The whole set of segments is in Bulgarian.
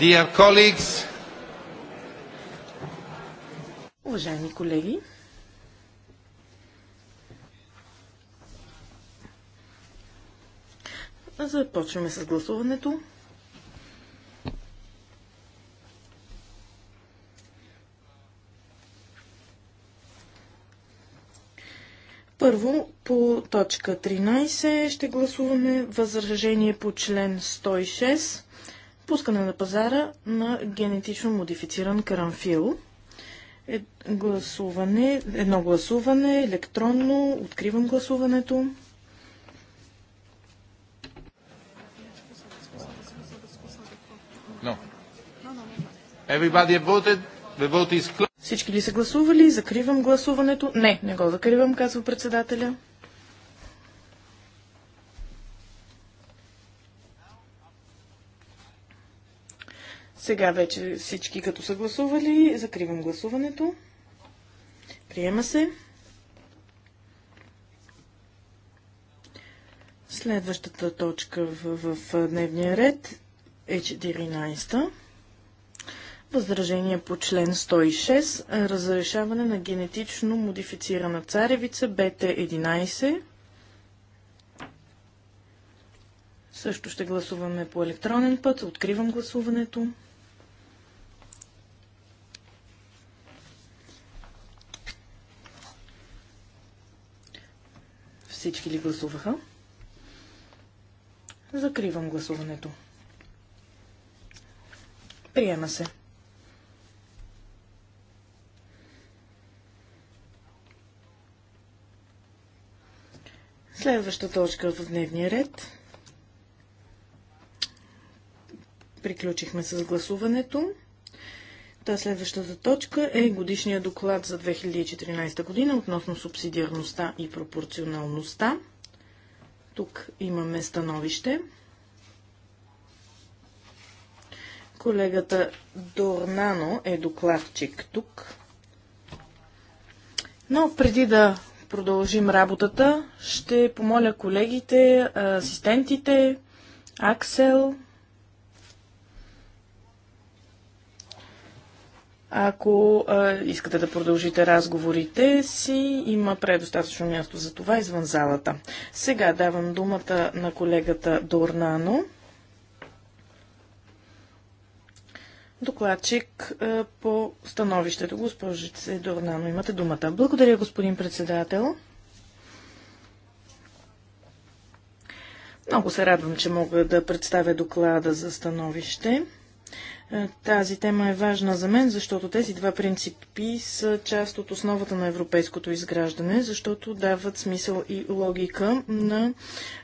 Dear colleagues, Уважаеми колеги, започваме с гласуването. Първо, по точка 13 ще гласуваме възражение по член 106 пускане на пазара на генетично модифициран карамфил. Е, гласуване, едно гласуване, електронно, откривам гласуването. No. Everybody voted. The vote is Всички ли са гласували? Закривам гласуването. Не, не го закривам, казва председателя. Сега вече всички като са гласували, закривам гласуването. Приема се. Следващата точка в, в дневния ред е 14-та. Възражение по член 106. Разрешаване на генетично модифицирана царевица БТ-11. Също ще гласуваме по електронен път. Откривам гласуването. Всички ли гласуваха? Закривам гласуването. Приема се. Следваща точка в дневния ред. Приключихме с гласуването. Та следващата точка е годишния доклад за 2014 година относно субсидиарността и пропорционалността. Тук имаме становище. Колегата Дорнано е докладчик тук. Но преди да продължим работата, ще помоля колегите, асистентите, Аксел, Ако а, искате да продължите разговорите си, има предостатъчно място за това извън залата. Сега давам думата на колегата Дорнано. Докладчик а, по становището. Госпожице Дорнано, имате думата. Благодаря, господин председател. Много се радвам, че мога да представя доклада за становище. Е, тази тема е важна за мен, защото тези два принципи са част от основата на европейското изграждане, защото дават смисъл и логика на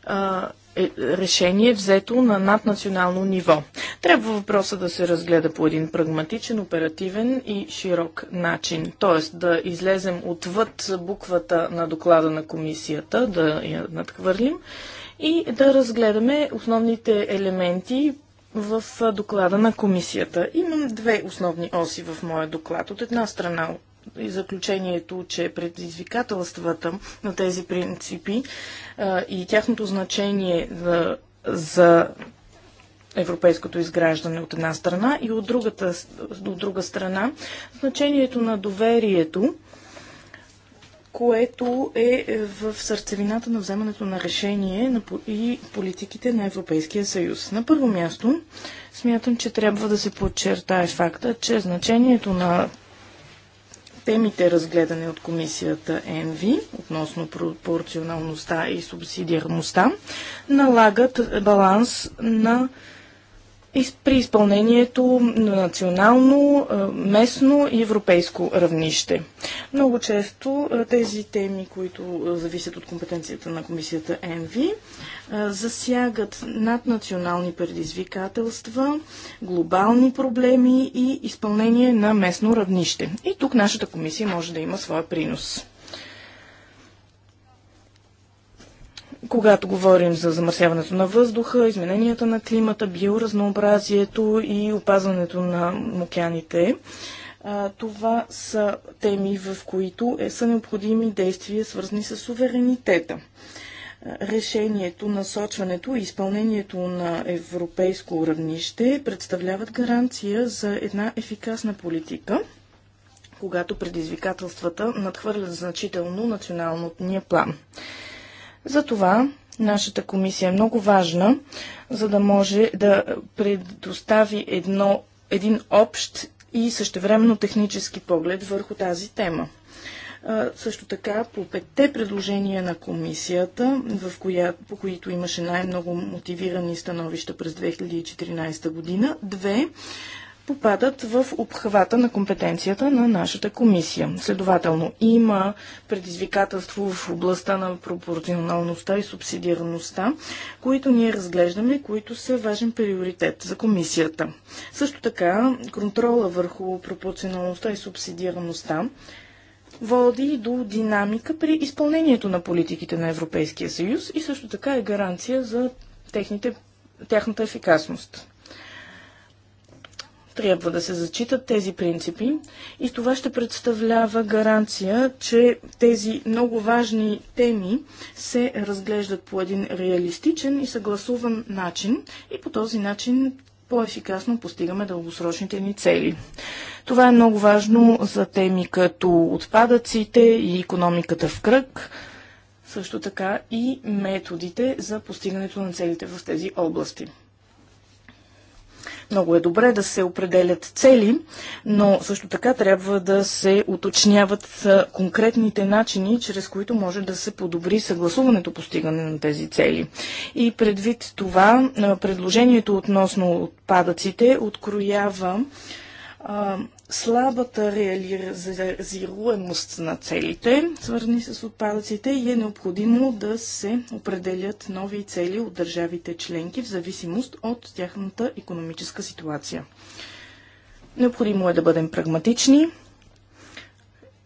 а, е, решение взето на наднационално ниво. Трябва въпроса да се разгледа по един прагматичен, оперативен и широк начин, т.е. да излезем отвъд буквата на доклада на комисията, да я надхвърлим и да разгледаме основните елементи в доклада на комисията. Имам две основни оси в моя доклад. От една страна и заключението, че предизвикателствата на тези принципи а, и тяхното значение за, за европейското изграждане от една страна и от, другата, от друга страна значението на доверието което е, е в сърцевината на вземането на решение и политиките на Европейския съюз. На първо място, смятам, че трябва да се подчертае факта, че значението на темите, разгледане от комисията ЕНВИ относно пропорционалността и субсидиарността, налагат баланс на при изпълнението на национално, местно и европейско равнище. Много често тези теми, които зависят от компетенцията на комисията ЕНВИ, засягат наднационални предизвикателства, глобални проблеми и изпълнение на местно равнище. И тук нашата комисия може да има своя принос. когато говорим за замърсяването на въздуха, измененията на климата, биоразнообразието и опазването на океаните. Това са теми, в които е, са необходими действия, свързани с суверенитета. Решението, насочването и изпълнението на европейско равнище представляват гаранция за една ефикасна политика когато предизвикателствата надхвърлят значително националния план. Затова нашата комисия е много важна, за да може да предостави едно, един общ и същевременно технически поглед върху тази тема. Също така по петте предложения на комисията, в коя, по които имаше най-много мотивирани становища през 2014 година, две попадат в обхвата на компетенцията на нашата комисия. Следователно, има предизвикателство в областта на пропорционалността и субсидиарността, които ние разглеждаме, които са важен приоритет за комисията. Също така, контрола върху пропорционалността и субсидираността води до динамика при изпълнението на политиките на Европейския съюз и също така е гаранция за техните, тяхната ефикасност. Трябва да се зачитат тези принципи и това ще представлява гаранция, че тези много важни теми се разглеждат по един реалистичен и съгласуван начин и по този начин по-ефикасно постигаме дългосрочните ни цели. Това е много важно за теми като отпадъците и економиката в кръг, също така и методите за постигането на целите в тези области. Много е добре да се определят цели, но също така трябва да се уточняват конкретните начини, чрез които може да се подобри съгласуването постигане на тези цели. И предвид това, предложението относно отпадъците откроява слабата реализируемост на целите, свързани с отпадъците, и е необходимо да се определят нови цели от държавите членки в зависимост от тяхната економическа ситуация. Необходимо е да бъдем прагматични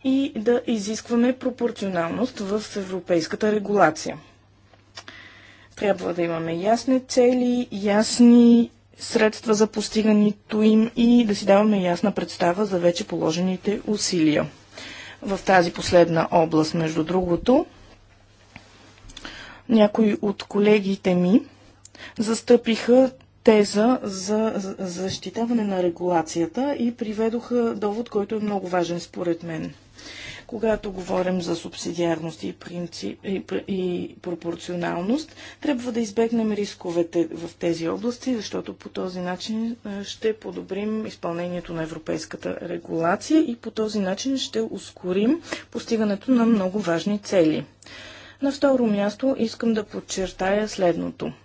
и да изискваме пропорционалност в европейската регулация. Трябва да имаме ясни цели, ясни средства за постигането им и да си даваме ясна представа за вече положените усилия. В тази последна област, между другото, някои от колегите ми застъпиха теза за защитаване на регулацията и приведоха довод, който е много важен според мен – когато говорим за субсидиарност и, принцип, и, и пропорционалност, трябва да избегнем рисковете в тези области, защото по този начин ще подобрим изпълнението на европейската регулация и по този начин ще ускорим постигането на много важни цели. На второ място искам да подчертая следното –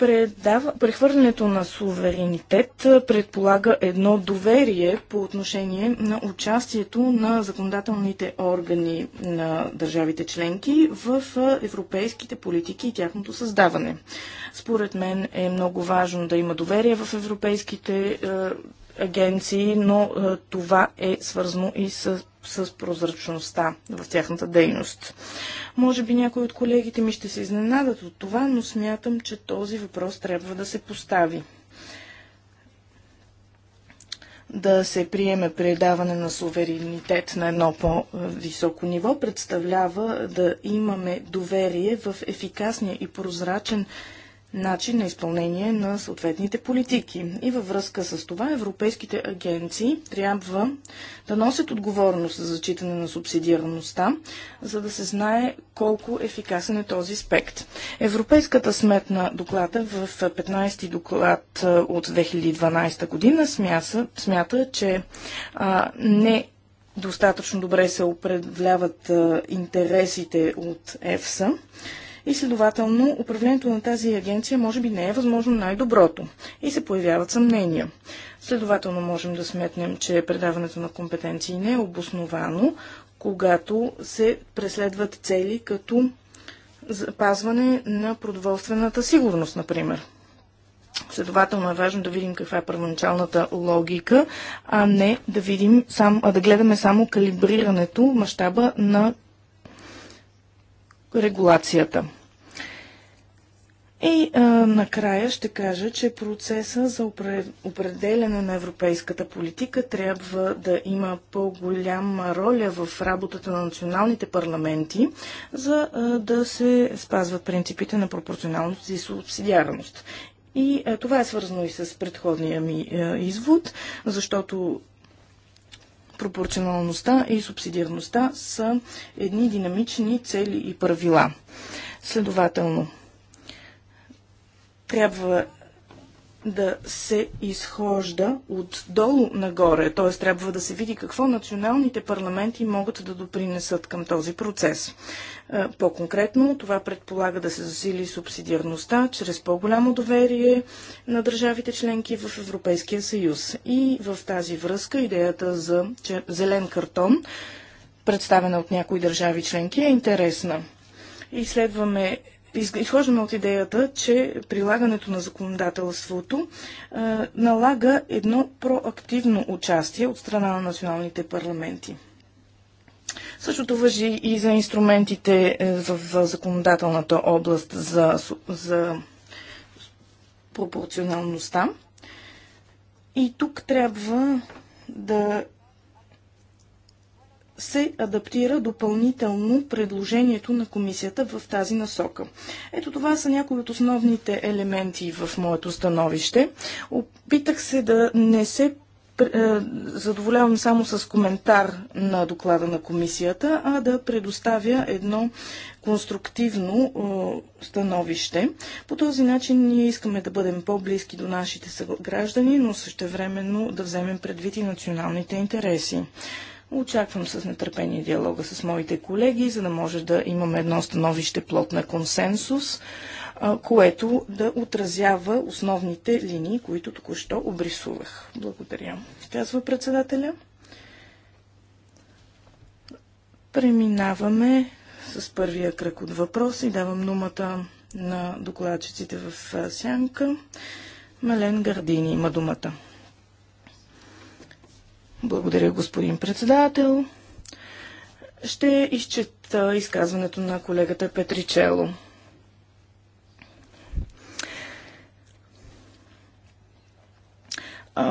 Предава, прехвърлянето на суверенитет предполага едно доверие по отношение на участието на законодателните органи на държавите членки в европейските политики и тяхното създаване. Според мен е много важно да има доверие в европейските агенции, но това е свързано и с с прозрачността в тяхната дейност. Може би някои от колегите ми ще се изненадат от това, но смятам, че този въпрос трябва да се постави. Да се приеме предаване на суверенитет на едно по-високо ниво представлява да имаме доверие в ефикасния и прозрачен начин на изпълнение на съответните политики. И във връзка с това европейските агенции трябва да носят отговорност за зачитане на субсидиарността, за да се знае колко ефикасен е този спект. Европейската сметна доклада в 15-ти доклад от 2012 година смята, смята че а, не достатъчно добре се определяват а, интересите от ЕФСА и следователно управлението на тази агенция може би не е възможно най-доброто и се появяват съмнения. Следователно можем да сметнем, че предаването на компетенции не е обосновано, когато се преследват цели като запазване на продоволствената сигурност, например. Следователно е важно да видим каква е първоначалната логика, а не да видим сам, а да гледаме само калибрирането, мащаба на регулацията. И а, накрая ще кажа, че процеса за определене на европейската политика трябва да има по-голяма роля в работата на националните парламенти, за а, да се спазват принципите на пропорционалност и субсидиарност. И а, това е свързано и с предходния ми а, извод, защото пропорционалността и субсидиарността са едни динамични цели и правила. Следователно, трябва да се изхожда отдолу нагоре, т.е. трябва да се види какво националните парламенти могат да допринесат към този процес. Е, по-конкретно, това предполага да се засили субсидиарността чрез по-голямо доверие на държавите членки в Европейския съюз. И в тази връзка идеята за зелен картон, представена от някои държави членки, е интересна изследваме Изхождаме от идеята, че прилагането на законодателството е, налага едно проактивно участие от страна на националните парламенти. Същото въжи и за инструментите е, в законодателната област за, за пропорционалността. И тук трябва да се адаптира допълнително предложението на комисията в тази насока. Ето това са някои от основните елементи в моето становище. Опитах се да не се е, задоволявам само с коментар на доклада на комисията, а да предоставя едно конструктивно е, становище. По този начин ние искаме да бъдем по-близки до нашите граждани, но същевременно да вземем предвид и националните интереси. Очаквам с нетърпение диалога с моите колеги, за да може да имаме едно становище плод на консенсус, което да отразява основните линии, които току-що обрисувах. Благодаря. Казва председателя. Преминаваме с първия кръг от въпроси. Давам думата на докладчиците в Сянка. Мален Гардини има думата. Благодаря, господин председател. Ще изчета изказването на колегата Петричело.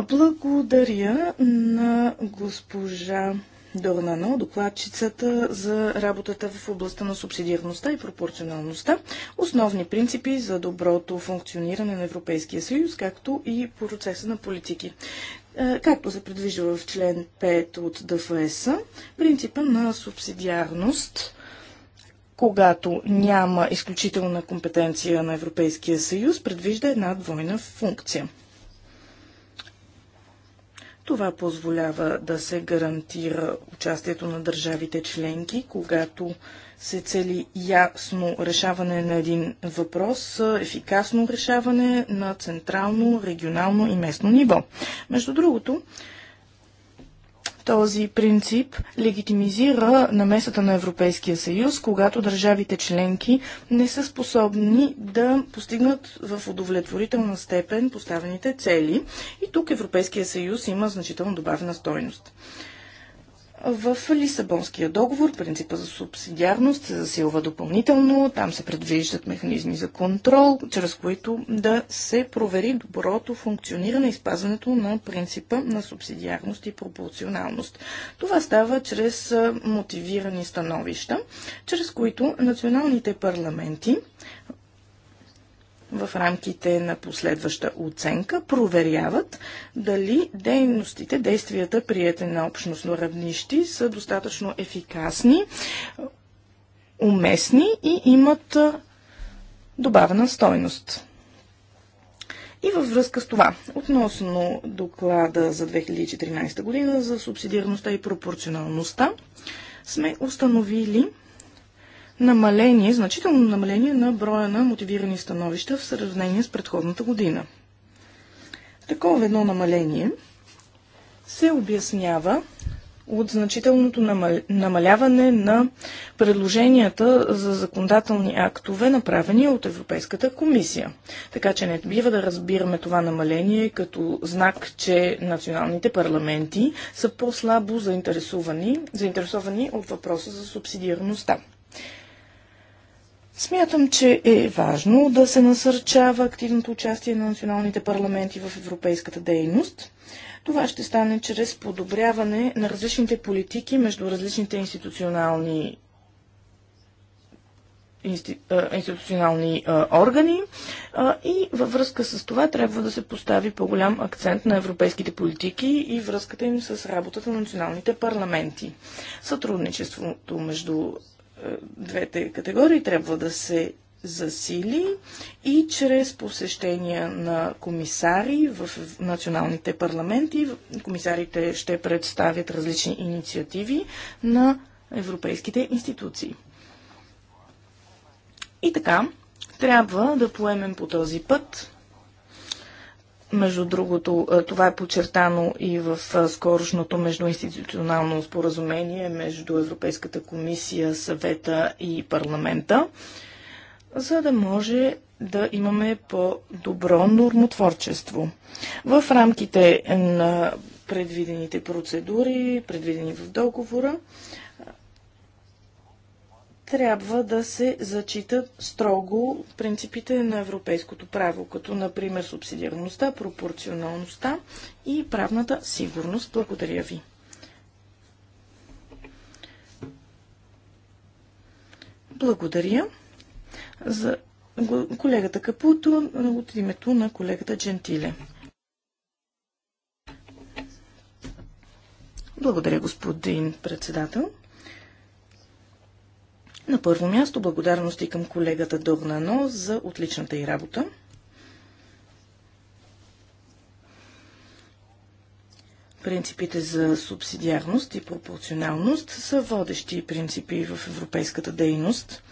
Благодаря на госпожа Дълнано, докладчицата за работата в областта на субсидиарността и пропорционалността, основни принципи за доброто функциониране на Европейския съюз, както и процеса на политики. Е, както се предвижда в член 5 от ДФС, принципа на субсидиарност, когато няма изключителна компетенция на Европейския съюз, предвижда една двойна функция. Това позволява да се гарантира участието на държавите членки, когато се цели ясно решаване на един въпрос, ефикасно решаване на централно, регионално и местно ниво. Между другото, този принцип легитимизира намесата на Европейския съюз, когато държавите членки не са способни да постигнат в удовлетворителна степен поставените цели. И тук Европейския съюз има значително добавена стойност. В Лисабонския договор принципа за субсидиарност се засилва допълнително. Там се предвиждат механизми за контрол, чрез които да се провери доброто функциониране и спазването на принципа на субсидиарност и пропорционалност. Това става чрез мотивирани становища, чрез които националните парламенти в рамките на последваща оценка проверяват дали дейностите, действията, приятели на общностно равнищи, са достатъчно ефикасни, уместни и имат добавена стойност. И във връзка с това, относно доклада за 2014 година за субсидиарността и пропорционалността, сме установили, намаление, значително намаление на броя на мотивирани становища в сравнение с предходната година. Такова едно намаление се обяснява от значителното намаляване на предложенията за законодателни актове, направени от Европейската комисия. Така че не бива да разбираме това намаление като знак, че националните парламенти са по-слабо заинтересовани, заинтересовани от въпроса за субсидиарността. Смятам, че е важно да се насърчава активното участие на националните парламенти в европейската дейност. Това ще стане чрез подобряване на различните политики между различните институционални институционални органи и във връзка с това трябва да се постави по-голям акцент на европейските политики и връзката им с работата на националните парламенти. Сътрудничеството между двете категории трябва да се засили и чрез посещения на комисари в националните парламенти. Комисарите ще представят различни инициативи на европейските институции. И така, трябва да поемем по този път между другото, това е подчертано и в скорошното междуинституционално споразумение между Европейската комисия, съвета и парламента, за да може да имаме по-добро нормотворчество. В рамките на предвидените процедури, предвидени в договора, трябва да се зачитат строго принципите на европейското право, като например субсидиарността, пропорционалността и правната сигурност. Благодаря ви. Благодаря за колегата Капуто от името на колегата Джентиле. Благодаря, господин председател. На първо място благодарности към колегата Догнано за отличната й работа. Принципите за субсидиарност и пропорционалност са водещи принципи в европейската дейност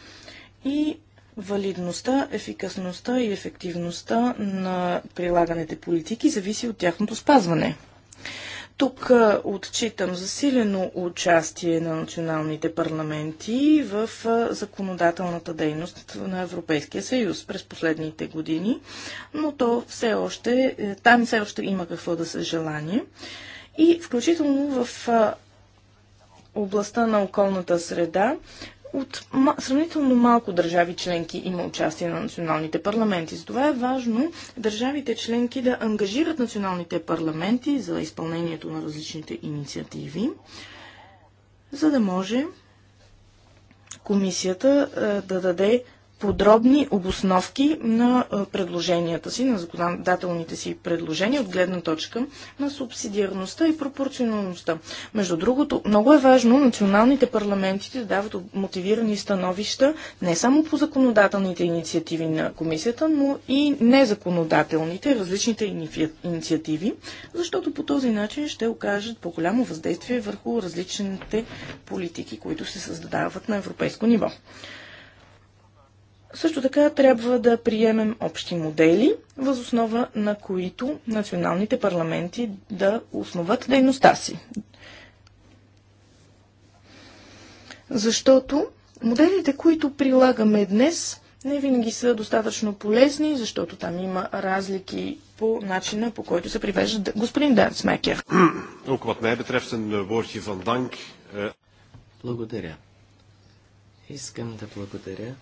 и валидността, ефикасността и ефективността на прилаганите политики зависи от тяхното спазване. Тук отчитам засилено участие на националните парламенти в законодателната дейност на Европейския съюз през последните години, но то все още, е, там все още има какво да се желание. И включително в областта на околната среда от сравнително малко държави членки има участие на националните парламенти. Затова е важно държавите членки да ангажират националните парламенти за изпълнението на различните инициативи, за да може комисията е, да даде подробни обосновки на предложенията си, на законодателните си предложения от гледна точка на субсидиарността и пропорционалността. Между другото, много е важно националните парламенти да дават мотивирани становища не само по законодателните инициативи на комисията, но и незаконодателните, различните инициативи, защото по този начин ще окажат по-голямо въздействие върху различните политики, които се създават на европейско ниво. Също така трябва да приемем общи модели, възоснова на които националните парламенти да основат дейността си. Защото моделите, които прилагаме днес, не винаги са достатъчно полезни, защото там има разлики по начина, по който се привежда господин Дансмекер. Eh, eh. Благодаря. Искам да благодаря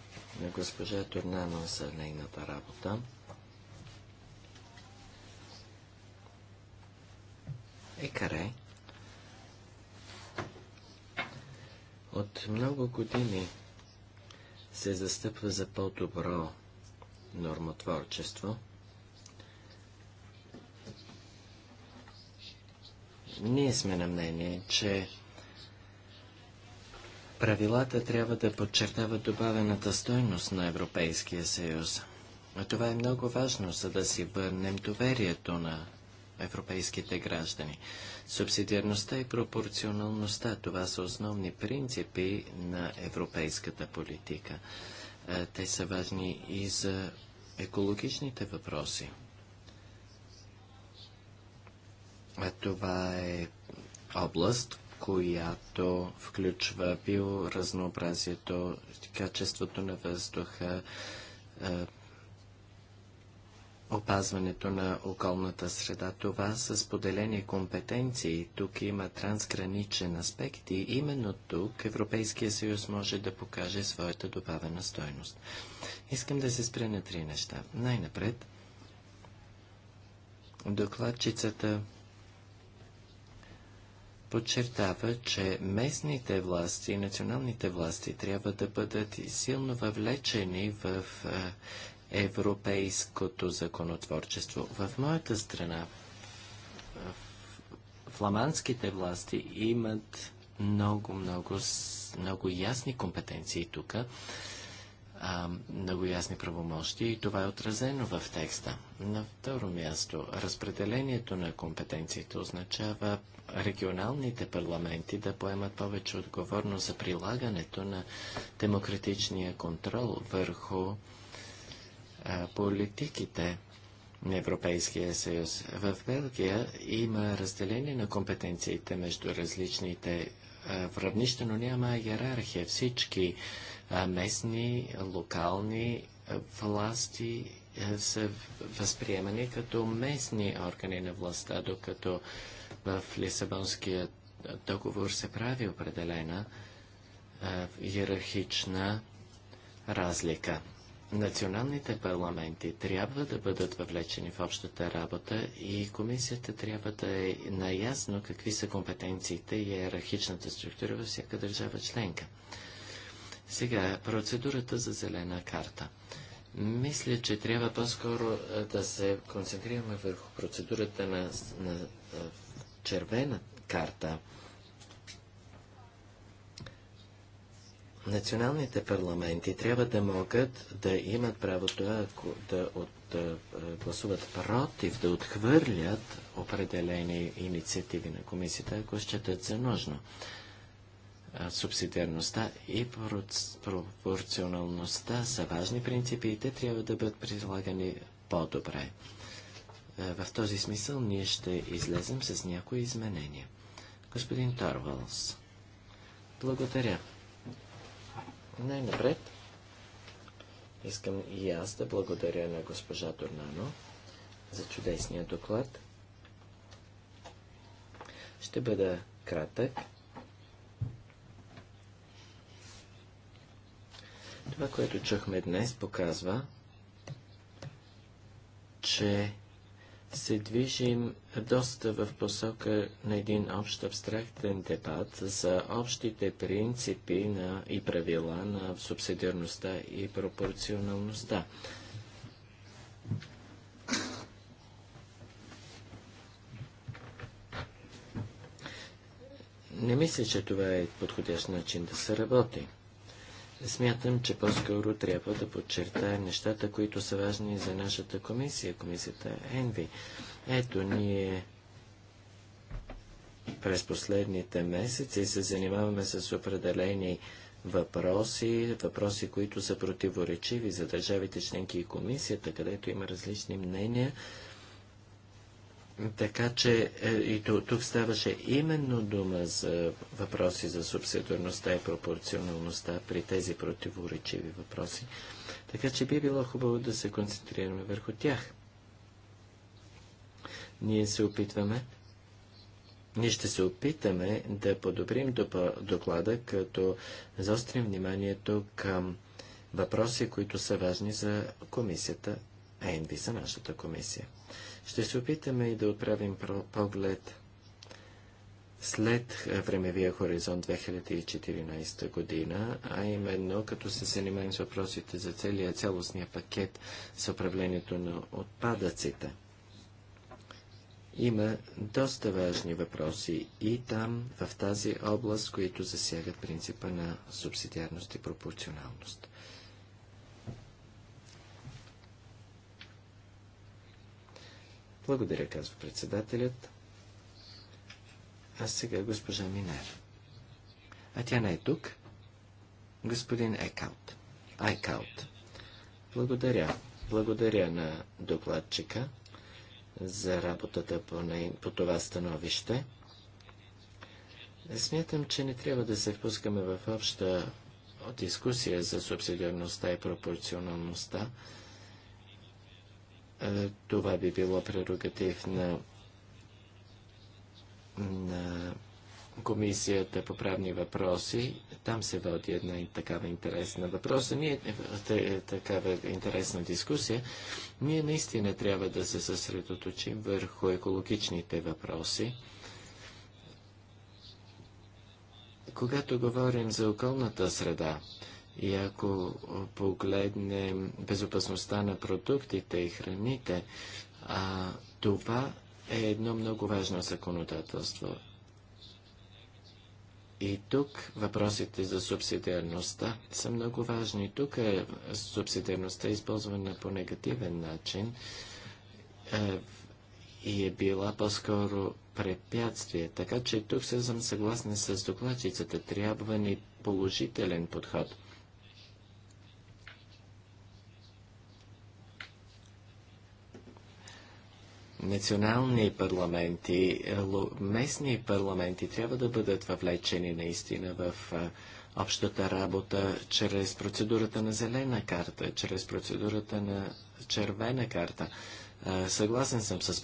на госпожа Турнано за нейната работа. Екаре от много години се застъпва за по-добро нормотворчество. Ние сме на мнение, че Правилата трябва да подчертават добавената стойност на Европейския съюз. А това е много важно, за да си върнем доверието на европейските граждани. Субсидиарността и пропорционалността – това са основни принципи на европейската политика. Те са важни и за екологичните въпроси. А това е област, която включва биоразнообразието, качеството на въздуха, е, опазването на околната среда. Това са споделени компетенции. Тук има трансграничен аспект и именно тук Европейския съюз може да покаже своята добавена стойност. Искам да се спре на три неща. Най-напред, докладчицата подчертава, че местните власти и националните власти трябва да бъдат силно въвлечени в европейското законотворчество. В моята страна фламандските власти имат много, много, много ясни компетенции тук, много ясни правомощи и това е отразено в текста. На второ място, разпределението на компетенциите означава регионалните парламенти да поемат повече отговорност за прилагането на демократичния контрол върху политиките на Европейския съюз. В Белгия има разделение на компетенциите между различните в равнище, но няма иерархия. Всички местни, локални власти са възприемани като местни органи на властта, докато в Лисабонския договор се прави определена иерархична разлика. Националните парламенти трябва да бъдат въвлечени в общата работа и комисията трябва да е наясно какви са компетенциите и иерархичната структура във всяка държава членка. Сега, процедурата за зелена карта. Мисля, че трябва по-скоро да се концентрираме върху процедурата на, на червена карта. Националните парламенти трябва да могат да имат правото да, да, от, да гласуват против, да отхвърлят определени инициативи на комисията, ако считат за нужно. Субсидиарността и пропорционалността са важни принципи и те трябва да бъдат прилагани по-добре. Е, в този смисъл ние ще излезем с някои изменения. Господин Тарвалс. благодаря. Най-напред искам и аз да благодаря на госпожа Торнано за чудесния доклад. Ще бъда кратък. Това, което чухме днес, показва, че се движим доста в посока на един общ абстрактен дебат за общите принципи на, и правила на субсидиарността и пропорционалността. Не мисля, че това е подходящ начин да се работи. Смятам, че по-скоро трябва да подчертаем нещата, които са важни за нашата комисия, комисията ЕНВИ. Ето, ние през последните месеци се занимаваме с определени въпроси, въпроси, които са противоречиви за държавите членки и комисията, където има различни мнения така че е, и тук ставаше именно дума за въпроси за субсидиарността и пропорционалността при тези противоречиви въпроси. Така че би било хубаво да се концентрираме върху тях. Ние се опитваме, ние ще се опитаме да подобрим доклада, като заострим вниманието към въпроси, които са важни за комисията а Енди за нашата комисия. Ще се опитаме и да отправим поглед след е, времевия хоризонт 2014 година, а именно като се занимаем с въпросите за целия цялостния пакет с управлението на отпадъците. Има доста важни въпроси и там, в тази област, които засягат принципа на субсидиарност и пропорционалност. Благодаря, казва председателят. А сега госпожа Минер. А тя не е тук. Господин Екаут. Айкаут. Благодаря. Благодаря на докладчика за работата по, не, по това становище. Смятам, че не трябва да се впускаме в обща дискусия за субсидиарността и пропорционалността. Това би било прерогатив на, на Комисията по правни въпроси. Там се води една такава интересна въпроса. Ние, е, е, е, такава интересна дискусия. Ние наистина трябва да се съсредоточим върху екологичните въпроси. Когато говорим за околната среда, и ако погледнем безопасността на продуктите и храните, а, това е едно много важно законодателство. И тук въпросите за субсидиарността са много важни. Тук е, субсидиарността е използвана по негативен начин е, и е била по-скоро препятствие. Така че тук съм съгласен с докладчицата. Трябва ни положителен подход – национални парламенти, е, местни парламенти трябва да бъдат въвлечени наистина в е, общата работа чрез процедурата на зелена карта, чрез процедурата на червена карта. Е, съгласен съм с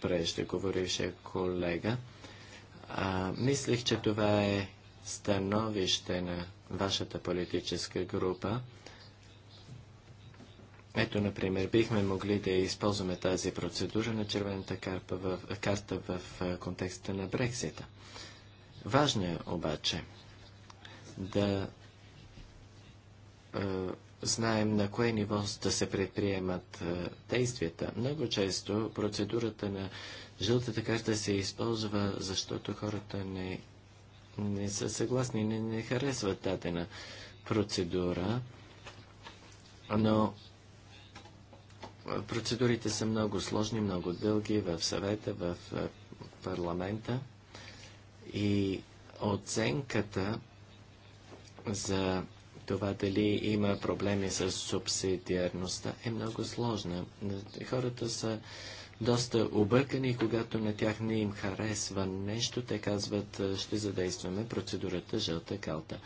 преждеговорившия колега. мислих, че това е становище на вашата политическа група. Ето, например, бихме могли да използваме тази процедура на червената карта в, карта в контекста на Брексита. Важно е обаче да е, знаем на кое ниво да се предприемат е, действията. Много често процедурата на жълтата карта се използва, защото хората не, не са съгласни, не, не харесват дадена процедура, но Процедурите са много сложни, много дълги в съвета, в е, парламента и оценката за това дали има проблеми с субсидиарността е много сложна. Хората са доста объркани, когато на тях не им харесва нещо, те казват, е, ще задействаме процедурата жълта калта.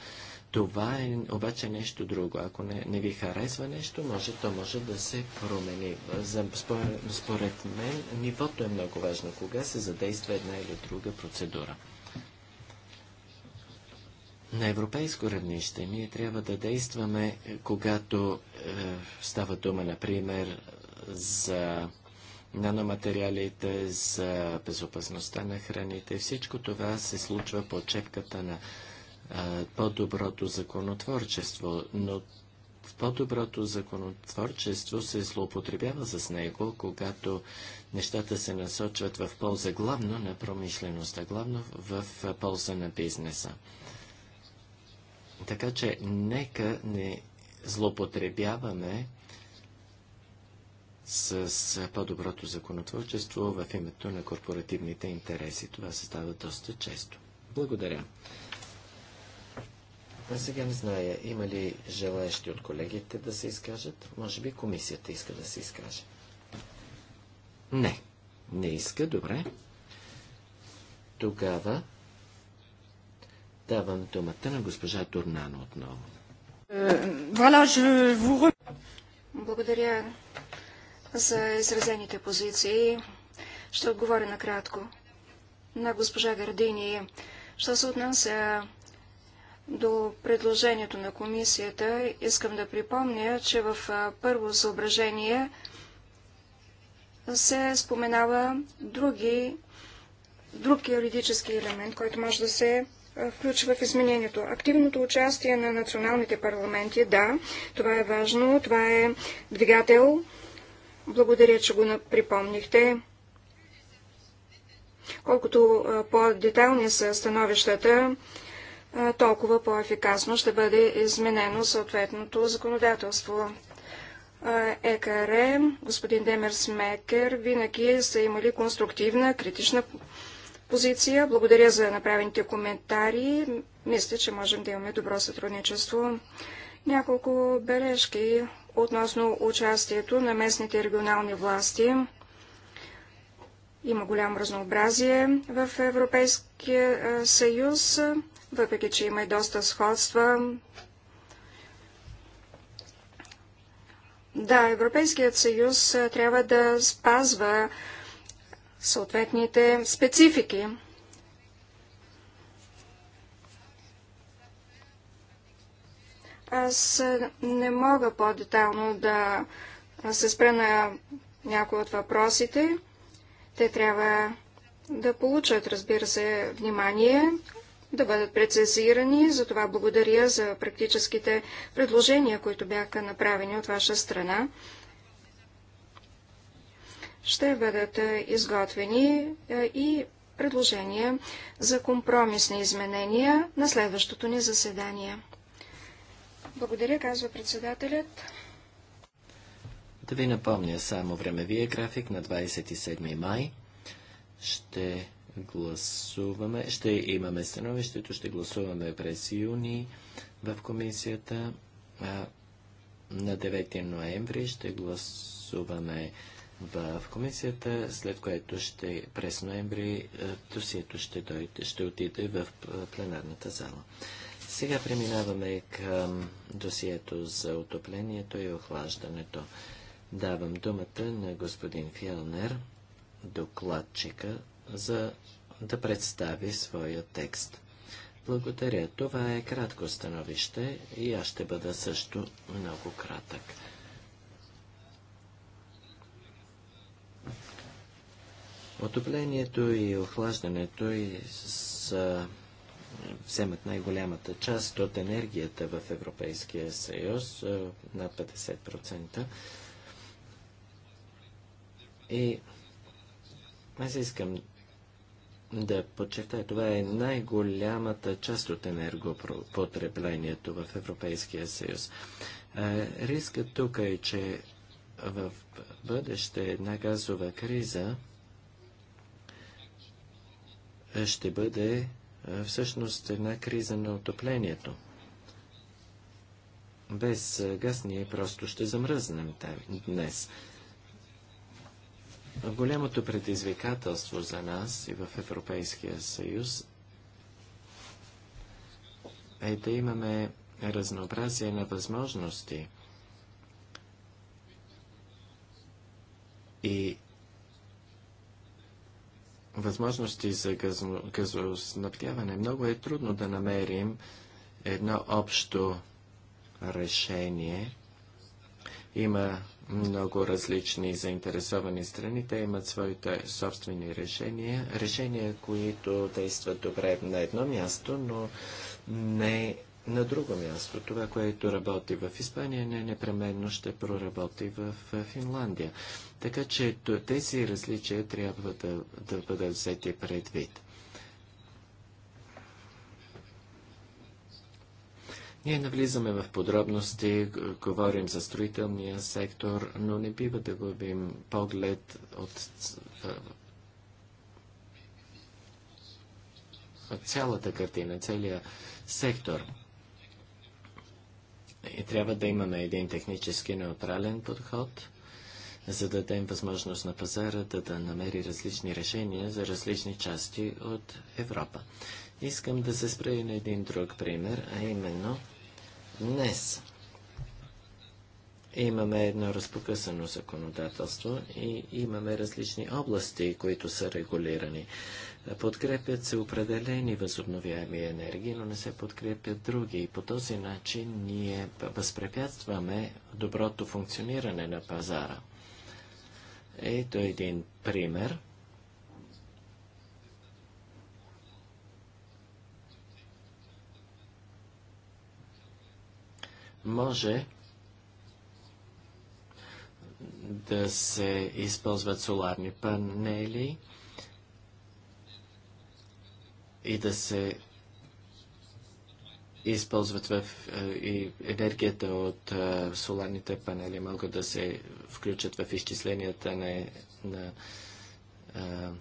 Това е обаче нещо друго. Ако не, не ви харесва нещо, може, то може да се промени. За, според, според мен нивото е много важно. Кога се задейства една или друга процедура? На европейско равнище ние трябва да действаме, е, когато е, става дума, например, за наноматериалите, за безопасността на храните. Всичко това се случва по чепката на по-доброто законотворчество, но по-доброто законотворчество се злоупотребява с него, когато нещата се насочват в полза главно на промишлеността, главно в полза на бизнеса. Така че нека не злоупотребяваме с по-доброто законотворчество в името на корпоративните интереси. Това се става доста често. Благодаря. А сега не зная, има ли желаящи от колегите да се изкажат? Може би комисията иска да се изкаже. Не, не иска, добре. Тогава давам думата на госпожа Турнано отново. Благодаря за изразените позиции. Ще отговоря накратко на госпожа Гардини. Що се отнася до предложението на комисията, искам да припомня, че в първо съображение се споменава други, друг юридически елемент, който може да се включва в изменението. Активното участие на националните парламенти, да, това е важно, това е двигател. Благодаря, че го припомнихте. Колкото по-детални са становищата, толкова по-ефикасно ще бъде изменено съответното законодателство. ЕКР, господин Демер Смекер, винаги са имали конструктивна, критична позиция. Благодаря за направените коментари. Мисля, че можем да имаме добро сътрудничество. Няколко бележки относно участието на местните регионални власти. Има голямо разнообразие в Европейския съюз въпреки че има и доста сходства. Да, Европейският съюз трябва да спазва съответните специфики. Аз не мога по-детално да се спра на някои от въпросите. Те трябва да получат, разбира се, внимание да бъдат прецизирани. Затова благодаря за практическите предложения, които бяха направени от ваша страна. Ще бъдат е, изготвени е, и предложения за компромисни изменения на следващото ни заседание. Благодаря, казва председателят. Да ви напомня само времевия график на 27 май. Ще гласуваме, ще имаме становището, ще гласуваме през юни в комисията. А, на 9 ноември ще гласуваме в комисията, след което ще, през ноември досието ще, дойде, ще отиде в пленарната зала. Сега преминаваме към досието за отоплението и охлаждането. Давам думата на господин Фелнер, докладчика за да представи своя текст. Благодаря. Това е кратко становище и аз ще бъда също много кратък. Отоплението и охлаждането и с, вземат най-голямата част от енергията в Европейския съюз, над 50%. И аз искам да подчертая, това е най-голямата част от енергопотреблението в Европейския съюз. Рискът тук е, че в бъдеще една газова криза ще бъде всъщност една криза на отоплението. Без газ ние просто ще замръзнем днес. Голямото предизвикателство за нас и в Европейския съюз е да имаме разнообразие на възможности и възможности за газоснабдяване. Много е трудно да намерим едно общо решение. Има много различни заинтересовани страни. Те имат своите собствени решения, решения, които действат добре на едно място, но не на друго място. Това, което работи в Испания, не непременно ще проработи в Финландия. Така че тези различия трябва да, да бъдат взети предвид. Ние навлизаме в подробности, говорим за строителния сектор, но не бива да губим поглед от, от цялата картина, целия сектор. И трябва да имаме един технически неутрален подход, за да дадем възможност на пазара да, да намери различни решения за различни части от Европа. Искам да се спра и на един друг пример, а именно Днес имаме едно разпокъсано законодателство и имаме различни области, които са регулирани. Подкрепят се определени възобновяеми енергии, но не се подкрепят други. И по този начин ние възпрепятстваме доброто функциониране на пазара. Ето един пример – може да се използват соларни панели и да се използват в е, и енергията от е, соларните панели могат да се включат в изчисленията на, на а, е,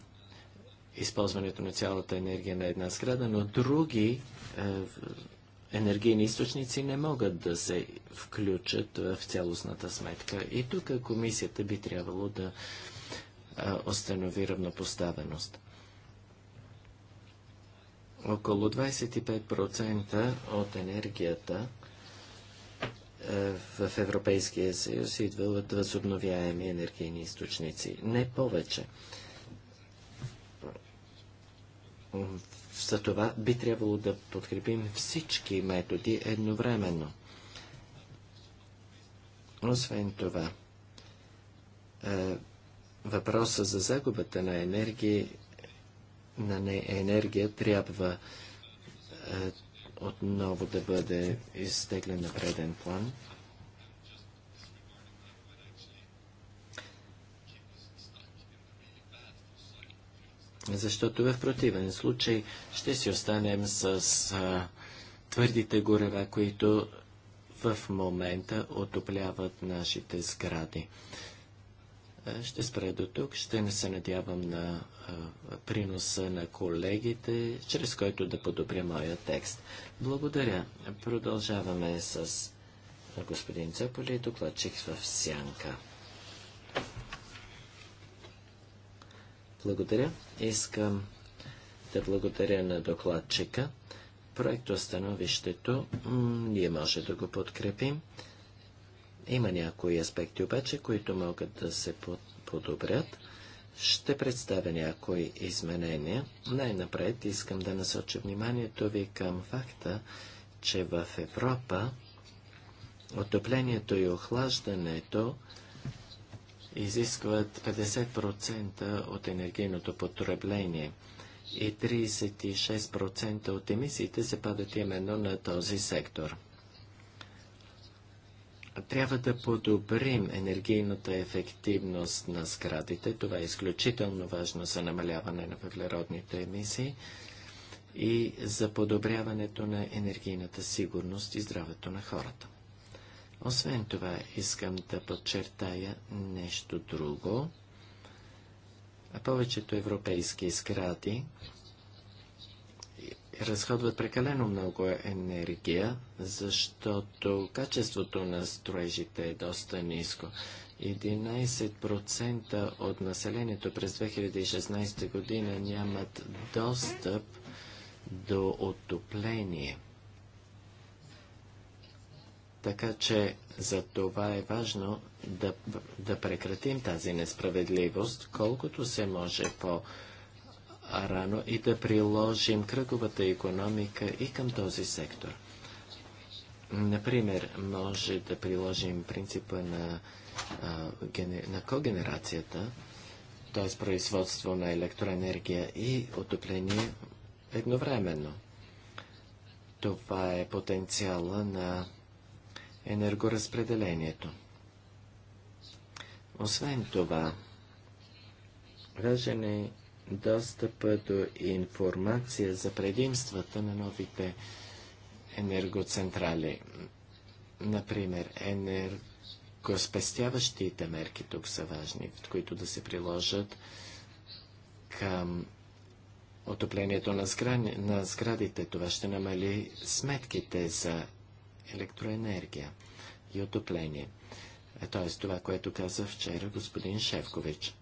използването на цялата енергия на една сграда, но други а, енергийни източници не могат да се включат в цялостната сметка. И тук комисията би трябвало да установи равнопоставеност. Около 25% от енергията в Европейския съюз идва от възобновяеми енергийни източници. Не повече. За това би трябвало да подкрепим всички методи едновременно. Освен това, е, въпроса за загубата на енергия, на не енергия трябва е, отново да бъде изтеглен на преден план. Защото в противен случай ще си останем с а, твърдите горева, които в момента отопляват нашите сгради. Ще спре до тук. Ще не се надявам на а, приноса на колегите, чрез който да подобря моя текст. Благодаря. Продължаваме с господин Цеполи, докладчик в Сянка. Благодаря. Искам да благодаря на докладчика. Проектостановището ние може да го подкрепим. Има някои аспекти обаче, които могат да се подобрят. Ще представя някои изменения. Най-напред искам да насоча вниманието ви към факта, че в Европа отоплението и охлаждането изискват 50% от енергийното потребление и 36% от емисиите се падат именно на този сектор. Трябва да подобрим енергийната ефективност на сградите. Това е изключително важно за намаляване на въглеродните емисии и за подобряването на енергийната сигурност и здравето на хората. Освен това, искам да подчертая нещо друго. Повечето европейски сгради разходват прекалено много енергия, защото качеството на строежите е доста ниско. 11% от населението през 2016 година нямат достъп до отопление – така че за това е важно да, да прекратим тази несправедливост, колкото се може по- рано и да приложим кръговата економика и към този сектор. Например, може да приложим принципа на, на когенерацията, т.е. производство на електроенергия и отопление едновременно. Това е потенциала на енергоразпределението. Освен това, важен е достъпа до информация за предимствата на новите енергоцентрали. Например, енергоспестяващите мерки тук са важни, които да се приложат към отоплението на, на сградите. Това ще намали сметките за електроенергия и отопление. Т.е. това, което каза вчера господин Шевкович.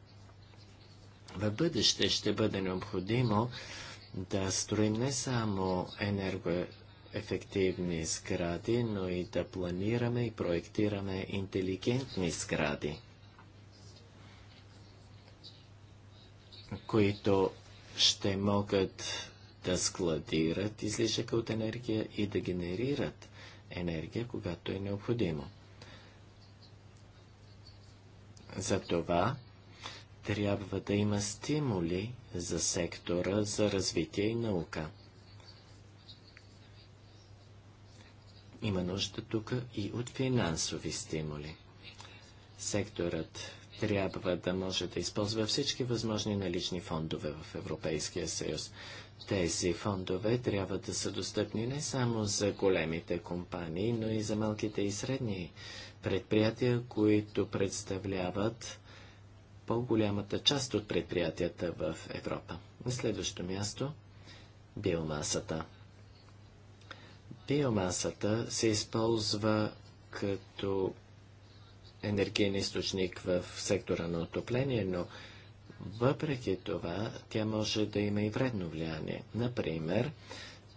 В бъдеще ще бъде необходимо да строим не само енергоефективни сгради, но и да планираме и проектираме интелигентни сгради, които ще могат да складират излишъка от енергия и да генерират енергия, когато е необходимо. Затова трябва да има стимули за сектора за развитие и наука. Има нужда тук и от финансови стимули. Секторът трябва да може да използва всички възможни налични фондове в Европейския съюз. Тези фондове трябва да са достъпни не само за големите компании, но и за малките и средни предприятия, които представляват по-голямата част от предприятията в Европа. На следващо място – биомасата. Биомасата се използва като енергиен източник в сектора на отопление, но въпреки това, тя може да има и вредно влияние. Например,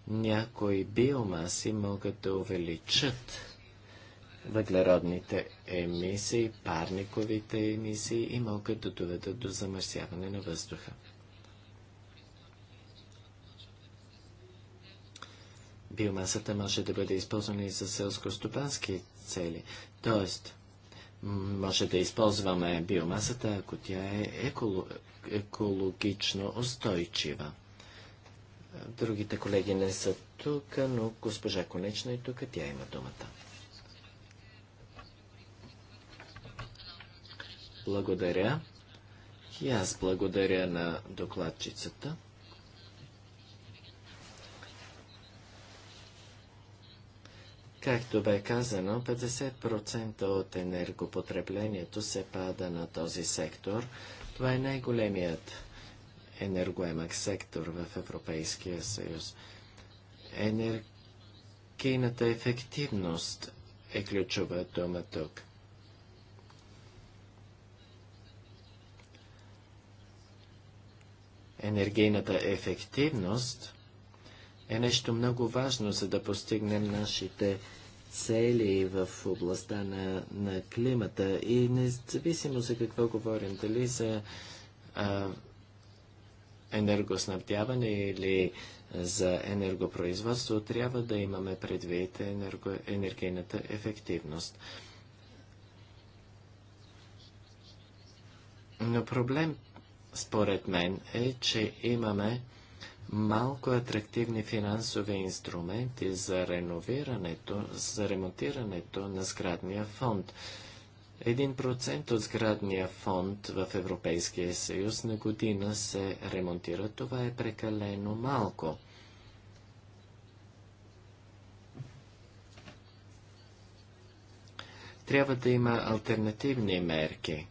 някои биомаси могат да увеличат въглеродните емисии, парниковите емисии и могат да доведат до замърсяване на въздуха. Биомасата може да бъде използвана и за селско-стопански цели, т.е. Може да използваме биомасата, ако тя е еколо, екологично устойчива. Другите колеги не са тук, но госпожа Конечна е тук, тя има думата. Благодаря. И аз благодаря на докладчицата. Както бе казано, 50% от енергопотреблението се пада на този сектор. Това е най-големият енергоемък сектор в Европейския съюз. Енергийната ефективност е ключова дума тук. Енергийната ефективност – е нещо много важно, за да постигнем нашите цели в областта на, на климата. И независимо за какво говорим, дали за а, енергоснабдяване или за енергопроизводство, трябва да имаме предвид енерго, енергийната ефективност. Но проблем, според мен, е, че имаме малко атрактивни финансови инструменти за реновирането, за ремонтирането на сградния фонд. Един процент от сградния фонд в Европейския съюз на година се ремонтира. Това е прекалено малко. Трябва да има альтернативни мерки.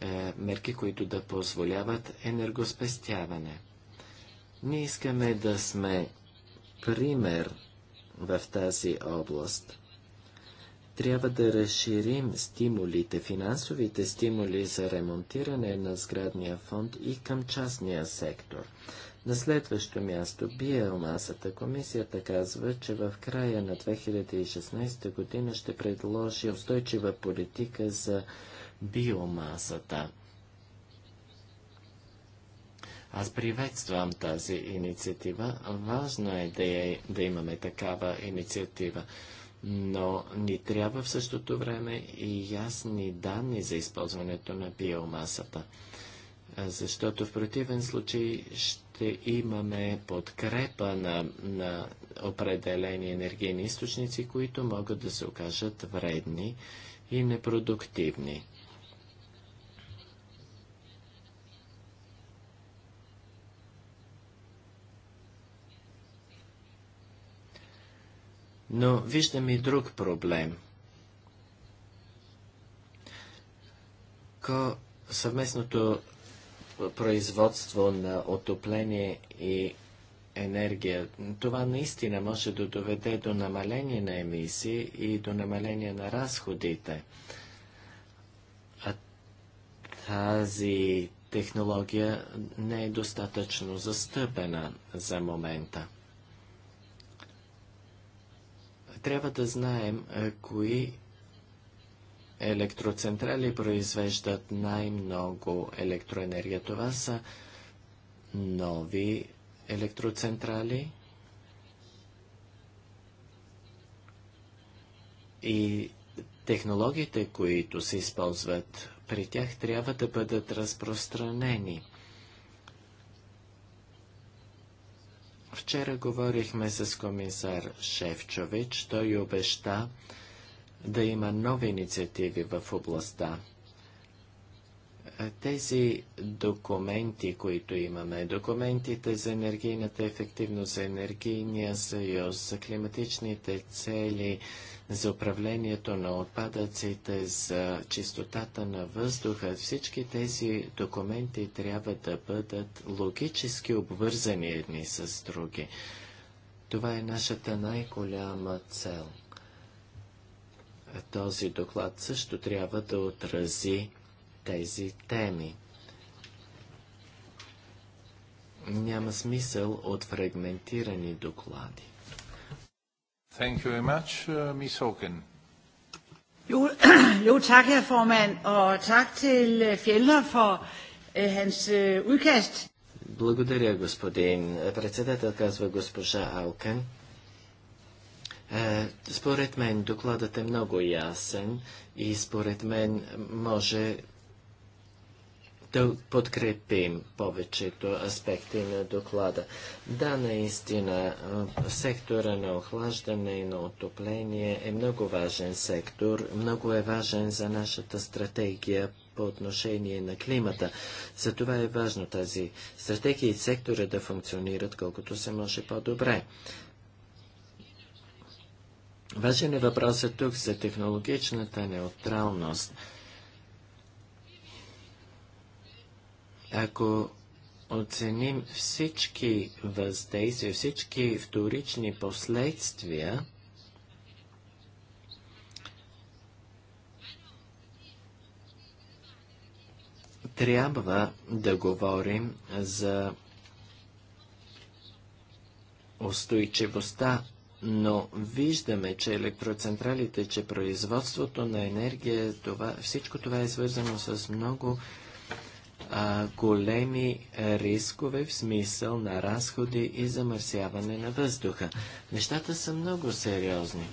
Е, мерки, които да позволяват енергоспестяване. Ние искаме да сме пример в тази област. Трябва да разширим стимулите, финансовите стимули за ремонтиране на сградния фонд и към частния сектор. На следващо място биомасата. Комисията казва, че в края на 2016 година ще предложи устойчива политика за биомасата. Аз приветствам тази инициатива. Важно е да, е, да имаме такава инициатива. Но ни трябва в същото време и ясни данни за използването на биомасата. Защото в противен случай ще имаме подкрепа на, на определени енергийни източници, които могат да се окажат вредни и непродуктивни. Но виждам и друг проблем. Ко съвместното производство на отопление и енергия. Това наистина може да доведе до намаление на емисии и до намаление на разходите. А тази технология не е достатъчно застъпена за момента. Трябва да знаем е, кои електроцентрали произвеждат най-много електроенергия. Това са нови електроцентрали и технологиите, които се използват при тях, трябва да бъдат разпространени – Вчера говорихме с комисар Шевчович. Той обеща да има нови инициативи в областта тези документи, които имаме, документите за енергийната ефективност, за енергийния съюз, за климатичните цели, за управлението на отпадъците, за чистотата на въздуха, всички тези документи трябва да бъдат логически обвързани едни с други. Това е нашата най-голяма цел. Този доклад също трябва да отрази тези теми. Няма смисъл от фрагментирани доклади. Thank you very much, uh, Miss Hawken. Jo, jo, tak, herr formand, og tak til øh, Fjellner for uh, hans uh, udkast. Благодаря, господин председател, казва госпожа Алкен. Е, според мен докладът е много ясен и според мен може да подкрепим повечето аспекти на доклада. Да, наистина, сектора на охлаждане и на отопление е много важен сектор, много е важен за нашата стратегия по отношение на климата. Затова е важно тази стратегия и сектора да функционират колкото се може по-добре. Важен е въпросът тук за технологичната неутралност – Ако оценим всички въздействия, всички вторични последствия, трябва да говорим за устойчивостта, но виждаме, че електроцентралите, че производството на енергия, това, всичко това е свързано с много а, големи рискове в смисъл на разходи и замърсяване на въздуха. Нещата са много сериозни.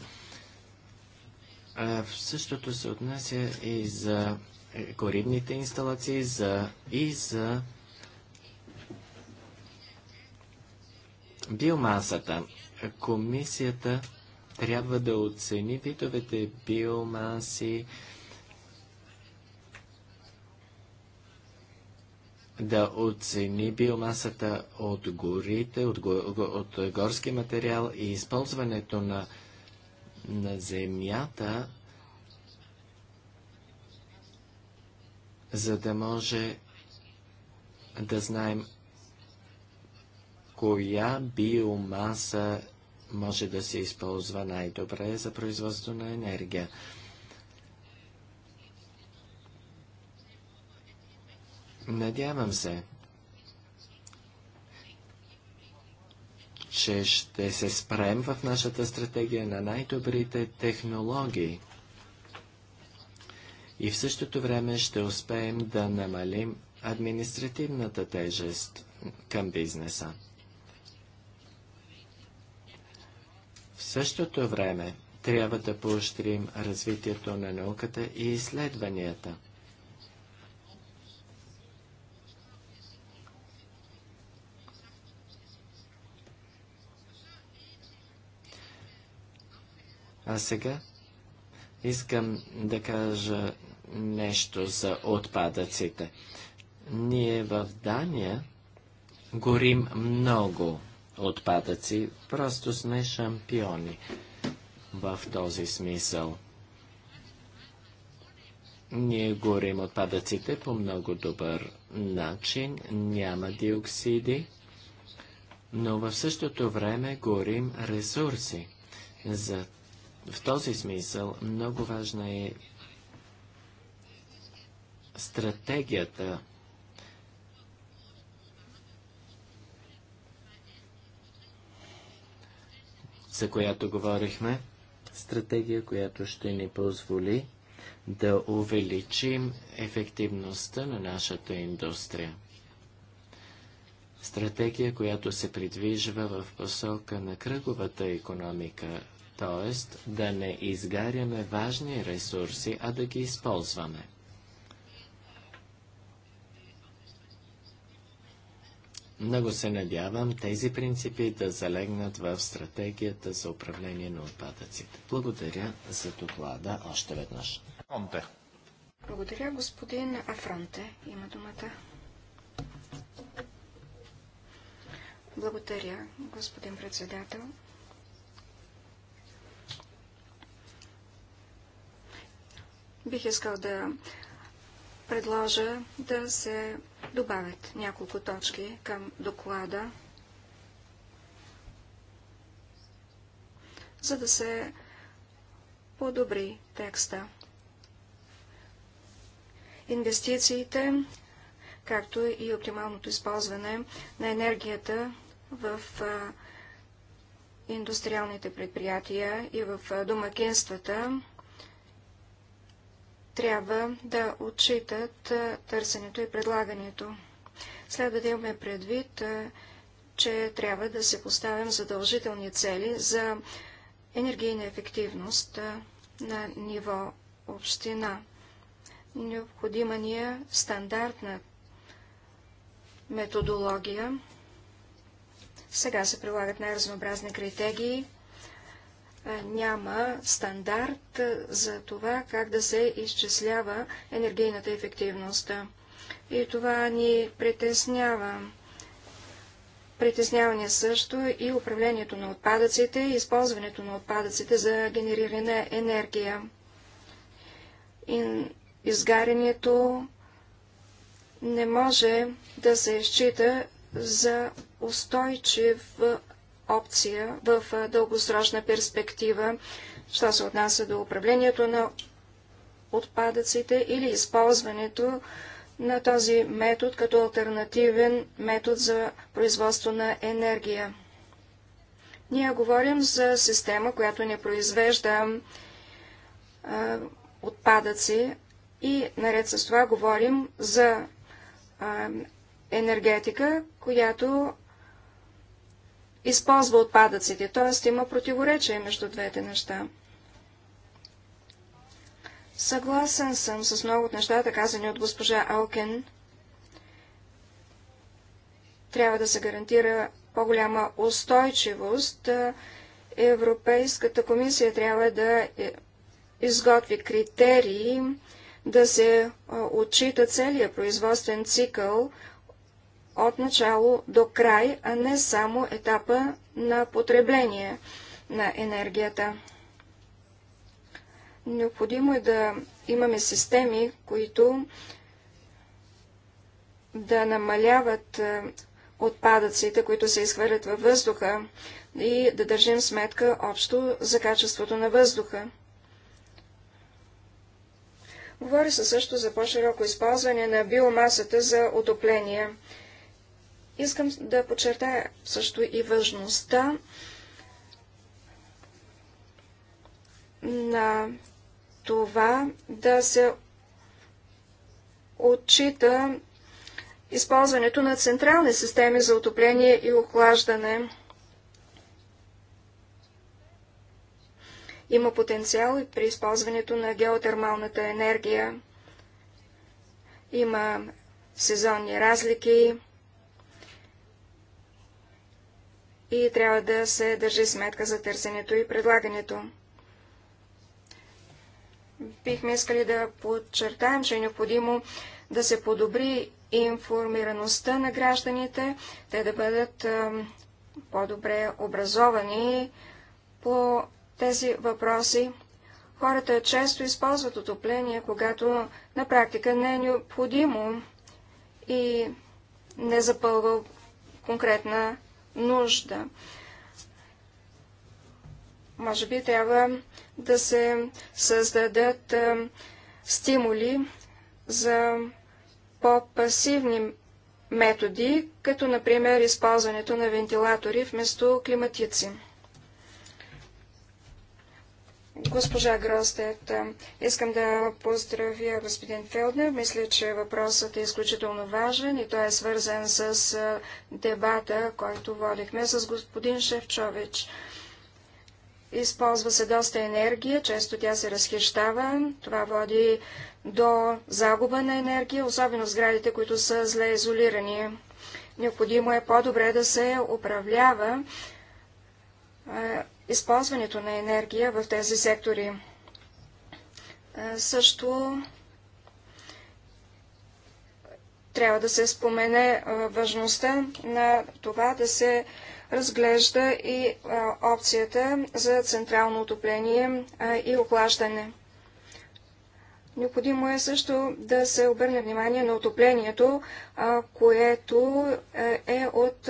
А, в същото се отнася и за коридните инсталации за, и за биомасата. Комисията трябва да оцени видовете биомаси, да оцени биомасата от горите, от, от горски материал и използването на, на земята, за да може да знаем коя биомаса може да се използва най-добре за производство на енергия. Надявам се, че ще се спрем в нашата стратегия на най-добрите технологии и в същото време ще успеем да намалим административната тежест към бизнеса. В същото време трябва да поощрим развитието на науката и изследванията – А сега искам да кажа нещо за отпадъците. Ние в Дания горим много отпадъци, просто сме шампиони в този смисъл. Ние горим отпадъците по много добър начин, няма диоксиди, но в същото време горим ресурси. За в този смисъл много важна е стратегията за която говорихме, стратегия, която ще ни позволи да увеличим ефективността на нашата индустрия. Стратегия, която се придвижва в посока на кръговата економика, т.е. да не изгаряме важни ресурси, а да ги използваме. Много се надявам тези принципи да залегнат в стратегията за управление на отпадъците. Благодаря за доклада още веднъж. Фронте. Благодаря, господин Афронте. Има думата. Благодаря, господин председател. бих искал да предложа да се добавят няколко точки към доклада, за да се подобри текста. Инвестициите, както и оптималното използване на енергията в индустриалните предприятия и в домакинствата трябва да отчитат търсенето и предлагането. Следва да имаме предвид, че трябва да се поставим задължителни цели за енергийна ефективност на ниво община. Необходима ни е стандартна методология. Сега се прилагат най-разнообразни критерии, няма стандарт за това как да се изчислява енергийната ефективност. И това ни притеснява. Притесняване също и управлението на отпадъците, и използването на отпадъците за генериране енергия. И изгарянето не може да се изчита за устойчив опция в дългосрочна перспектива, що се отнася до управлението на отпадъците или използването на този метод като альтернативен метод за производство на енергия. Ние говорим за система, която не произвежда а, отпадъци и наред с това говорим за а, енергетика, която използва отпадъците, т.е. има противоречие между двете неща. Съгласен съм с много от нещата, казани от госпожа Алкен. Трябва да се гарантира по-голяма устойчивост. Европейската комисия трябва да е, изготви критерии, да се отчита целият производствен цикъл от начало до край, а не само етапа на потребление на енергията. Необходимо е да имаме системи, които да намаляват е, отпадъците, които се изхвърлят във въздуха и да държим сметка общо за качеството на въздуха. Говори се също за по-широко използване на биомасата за отопление. Искам да подчертая също и важността на това да се отчита използването на централни системи за отопление и охлаждане. Има потенциал и при използването на геотермалната енергия. Има сезонни разлики, и трябва да се държи сметка за търсенето и предлагането. Бихме искали да подчертаем, че е необходимо да се подобри информираността на гражданите, те да бъдат по-добре образовани по тези въпроси. Хората често използват отопление, когато на практика не е необходимо и не запълва конкретна нужда. Може би трябва да се създадат стимули за по-пасивни методи, като например използването на вентилатори вместо климатици. Госпожа Гростет, искам да поздравя господин Фелднер. Мисля, че въпросът е изключително важен и той е свързан с дебата, който водихме с господин Шевчович. Използва се доста енергия, често тя се разхищава. Това води до загуба на енергия, особено в сградите, които са зле изолирани. Необходимо е по-добре да се управлява използването на енергия в тези сектори. Също трябва да се спомене важността на това да се разглежда и опцията за централно отопление и охлаждане. Необходимо е също да се обърне внимание на отоплението, което е, е от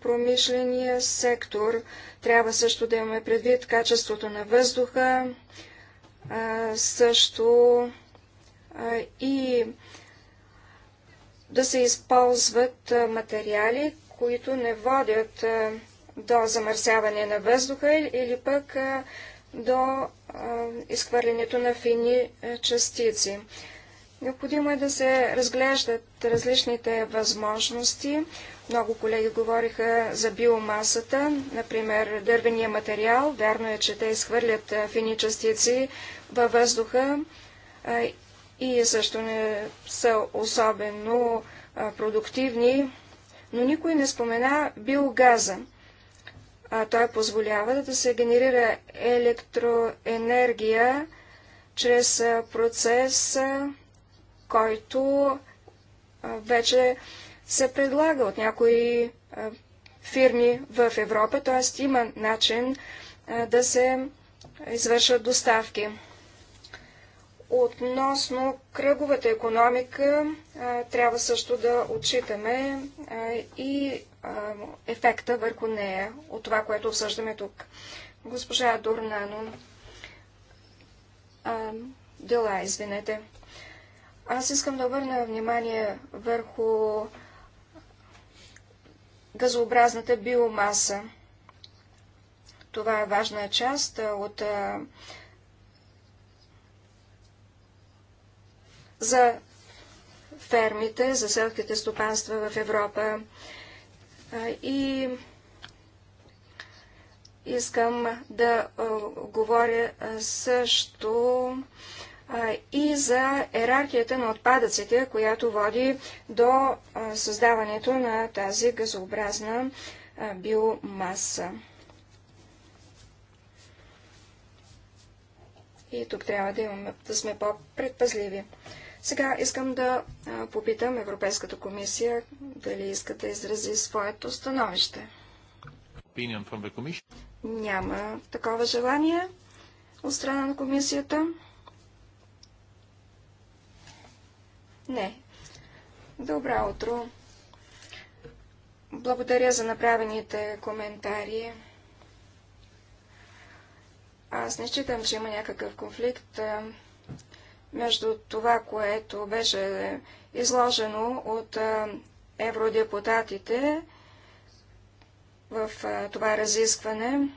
промишления сектор. Трябва също да имаме предвид качеството на въздуха, също и да се използват материали, които не водят до замърсяване на въздуха или пък до изхвърлянето на фини частици. Необходимо е да се разглеждат различните възможности. Много колеги говориха за биомасата, например дървения материал. Вярно е, че те изхвърлят фини частици във въздуха и също не са особено продуктивни, но никой не спомена биогаза а, той позволява да се генерира електроенергия чрез процес, който вече се предлага от някои фирми в Европа, т.е. има начин да се извършват доставки. Относно кръговата економика, трябва също да отчитаме и ефекта върху нея от това, което обсъждаме тук. Госпожа Дурнано, дела, извинете. Аз искам да обърна внимание върху газообразната биомаса. Това е важна част от за фермите, за селските стопанства в Европа и искам да говоря също и за ерархията на отпадъците, която води до създаването на тази газообразна биомаса. И тук трябва да, имаме, да сме по-предпазливи. Сега искам да попитам Европейската комисия дали иска да изрази своето становище. Няма такова желание от страна на комисията. Не. Добро утро. Благодаря за направените коментари. Аз не считам, че има някакъв конфликт между това, което беше изложено от евродепутатите в това разискване.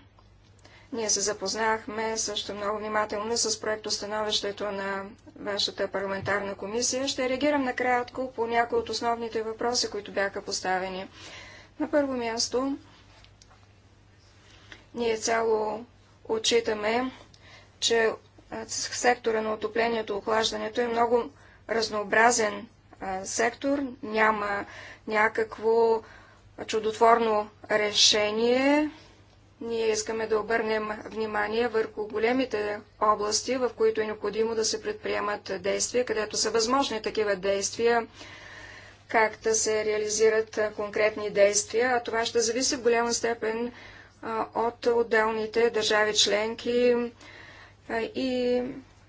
Ние се запознахме също много внимателно с проектостановището на вашата парламентарна комисия. Ще реагирам накратко по някои от основните въпроси, които бяха поставени. На първо място, ние цяло отчитаме, че сектора на отоплението, охлаждането е много разнообразен сектор, няма някакво чудотворно решение. Ние искаме да обърнем внимание върху големите области, в които е необходимо да се предприемат действия, където са възможни такива действия, как да се реализират конкретни действия, а това ще зависи в голяма степен от отделните държави членки, и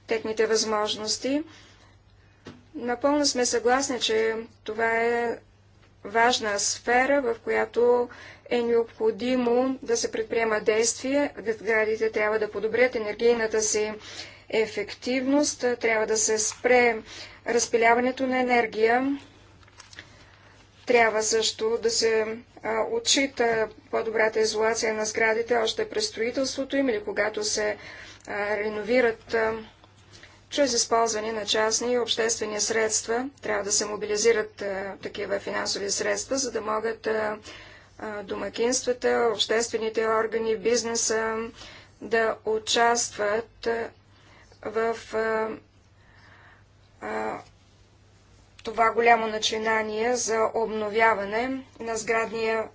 техните възможности. Напълно сме съгласни, че това е важна сфера, в която е необходимо да се предприема действие. Градите трябва да подобрят енергийната си ефективност, трябва да се спре разпиляването на енергия, трябва също да се а, отчита по-добрата изолация на сградите още през строителството им или когато се реновират чрез използване на частни и обществени средства. Трябва да се мобилизират такива финансови средства, за да могат домакинствата, обществените органи, бизнеса да участват в това голямо начинание за обновяване на сградния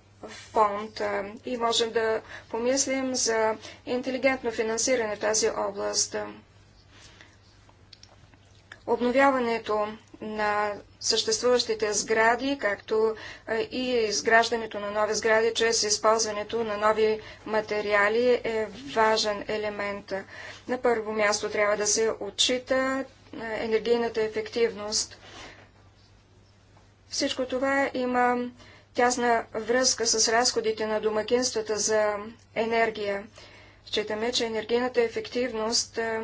фонд и можем да помислим за интелигентно финансиране в тази област. Обновяването на съществуващите сгради, както и изграждането на нови сгради чрез използването на нови материали е важен елемент. На първо място трябва да се отчита енергийната ефективност. Всичко това има тясна връзка с разходите на домакинствата за енергия. Считаме, че енергийната ефективност е,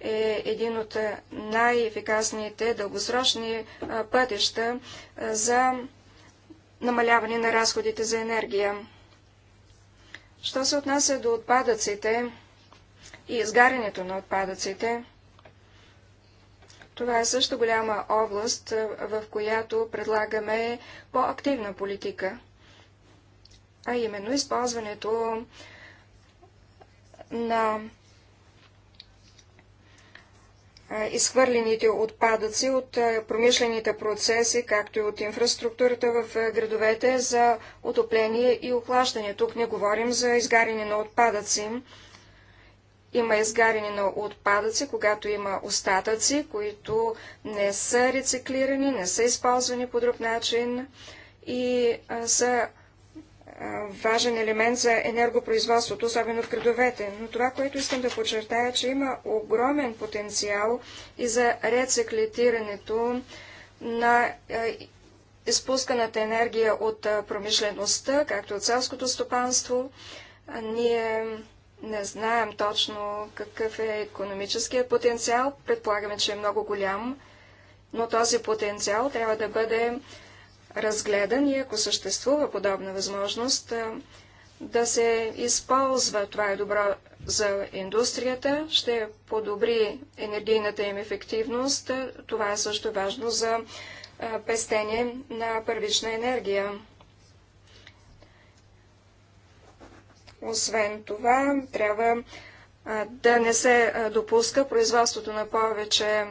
е един от е, най-ефикасните дългосрочни е, пътища за намаляване на разходите за енергия. Що се отнася до отпадъците и изгарянето на отпадъците, това е също голяма област, е, в която предлагаме по-активна политика, а именно използването на е, изхвърлените отпадъци от е, промишлените процеси, както и от инфраструктурата в градовете за отопление и охлаждане. Тук не говорим за изгаряне на отпадъци. Има изгаряне на отпадъци, когато има остатъци, които не са рециклирани, не са използвани по друг начин и а, са важен елемент за енергопроизводството, особено в градовете. Но това, което искам да подчертая, е, че има огромен потенциал и за рециклитирането на изпусканата енергия от промишлеността, както от селското стопанство. Ние не знаем точно какъв е економическият потенциал, предполагаме, че е много голям, но този потенциал трябва да бъде разгледан и ако съществува подобна възможност, да се използва. Това е добро за индустрията, ще подобри енергийната им ефективност. Това е също важно за пестение на първична енергия. Освен това, трябва да не се допуска производството на повече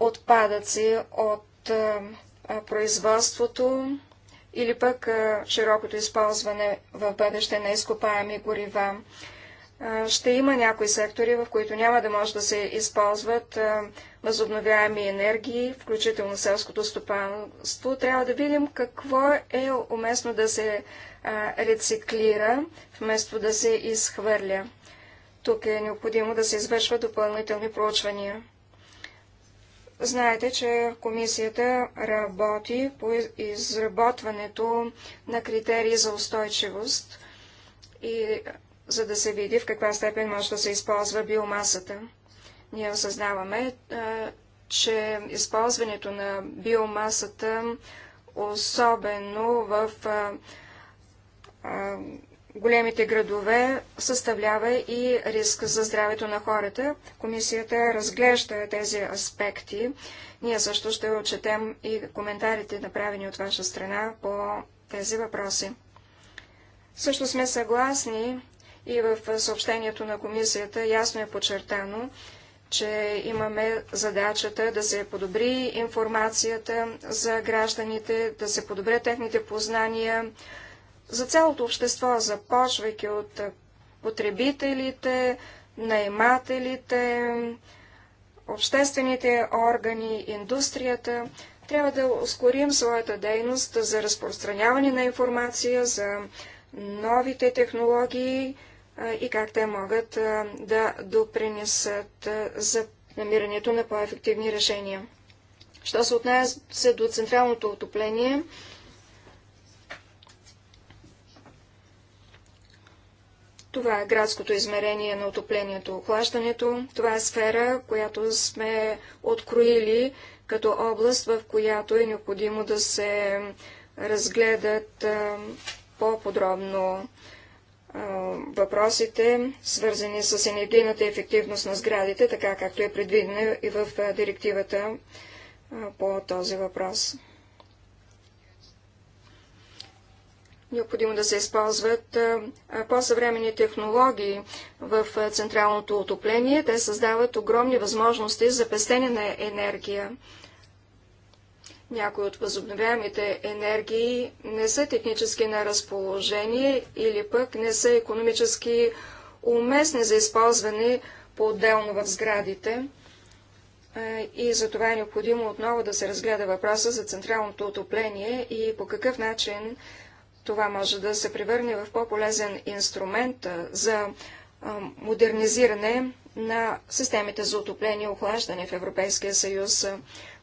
отпадъци от производството или пък широкото използване в бъдеще на изкопаеми горива ще има някои сектори, в които няма да може да се използват възобновяеми енергии, включително селското стопанство. Трябва да видим какво е уместно да се рециклира, вместо да се изхвърля. Тук е необходимо да се извършват допълнителни проучвания. Знаете, че комисията работи по изработването на критерии за устойчивост и за да се види в каква степен може да се използва биомасата. Ние осъзнаваме, че използването на биомасата, особено в големите градове съставлява и риск за здравето на хората. Комисията разглежда тези аспекти. Ние също ще отчетем и коментарите, направени от ваша страна по тези въпроси. Също сме съгласни и в съобщението на комисията ясно е подчертано, че имаме задачата да се подобри информацията за гражданите, да се подобрят техните познания за цялото общество, започвайки от потребителите, наемателите, обществените органи, индустрията. Трябва да ускорим своята дейност за разпространяване на информация, за новите технологии, и как те могат да допринесат за намирането на по-ефективни решения. Що се отнася до централното отопление, това е градското измерение на отоплението, охлаждането. Това е сфера, която сме откроили като област, в която е необходимо да се разгледат по-подробно въпросите, свързани с енергийната ефективност на сградите, така както е предвидено и в директивата по този въпрос. Необходимо да се използват по-съвремени технологии в централното отопление. Те създават огромни възможности за пестене на енергия. Някои от възобновяемите енергии не са технически на разположение или пък не са економически уместни за използване по-отделно в сградите. И за това е необходимо отново да се разгледа въпроса за централното отопление и по какъв начин това може да се превърне в по-полезен инструмент за модернизиране на системите за отопление и охлаждане в Европейския съюз.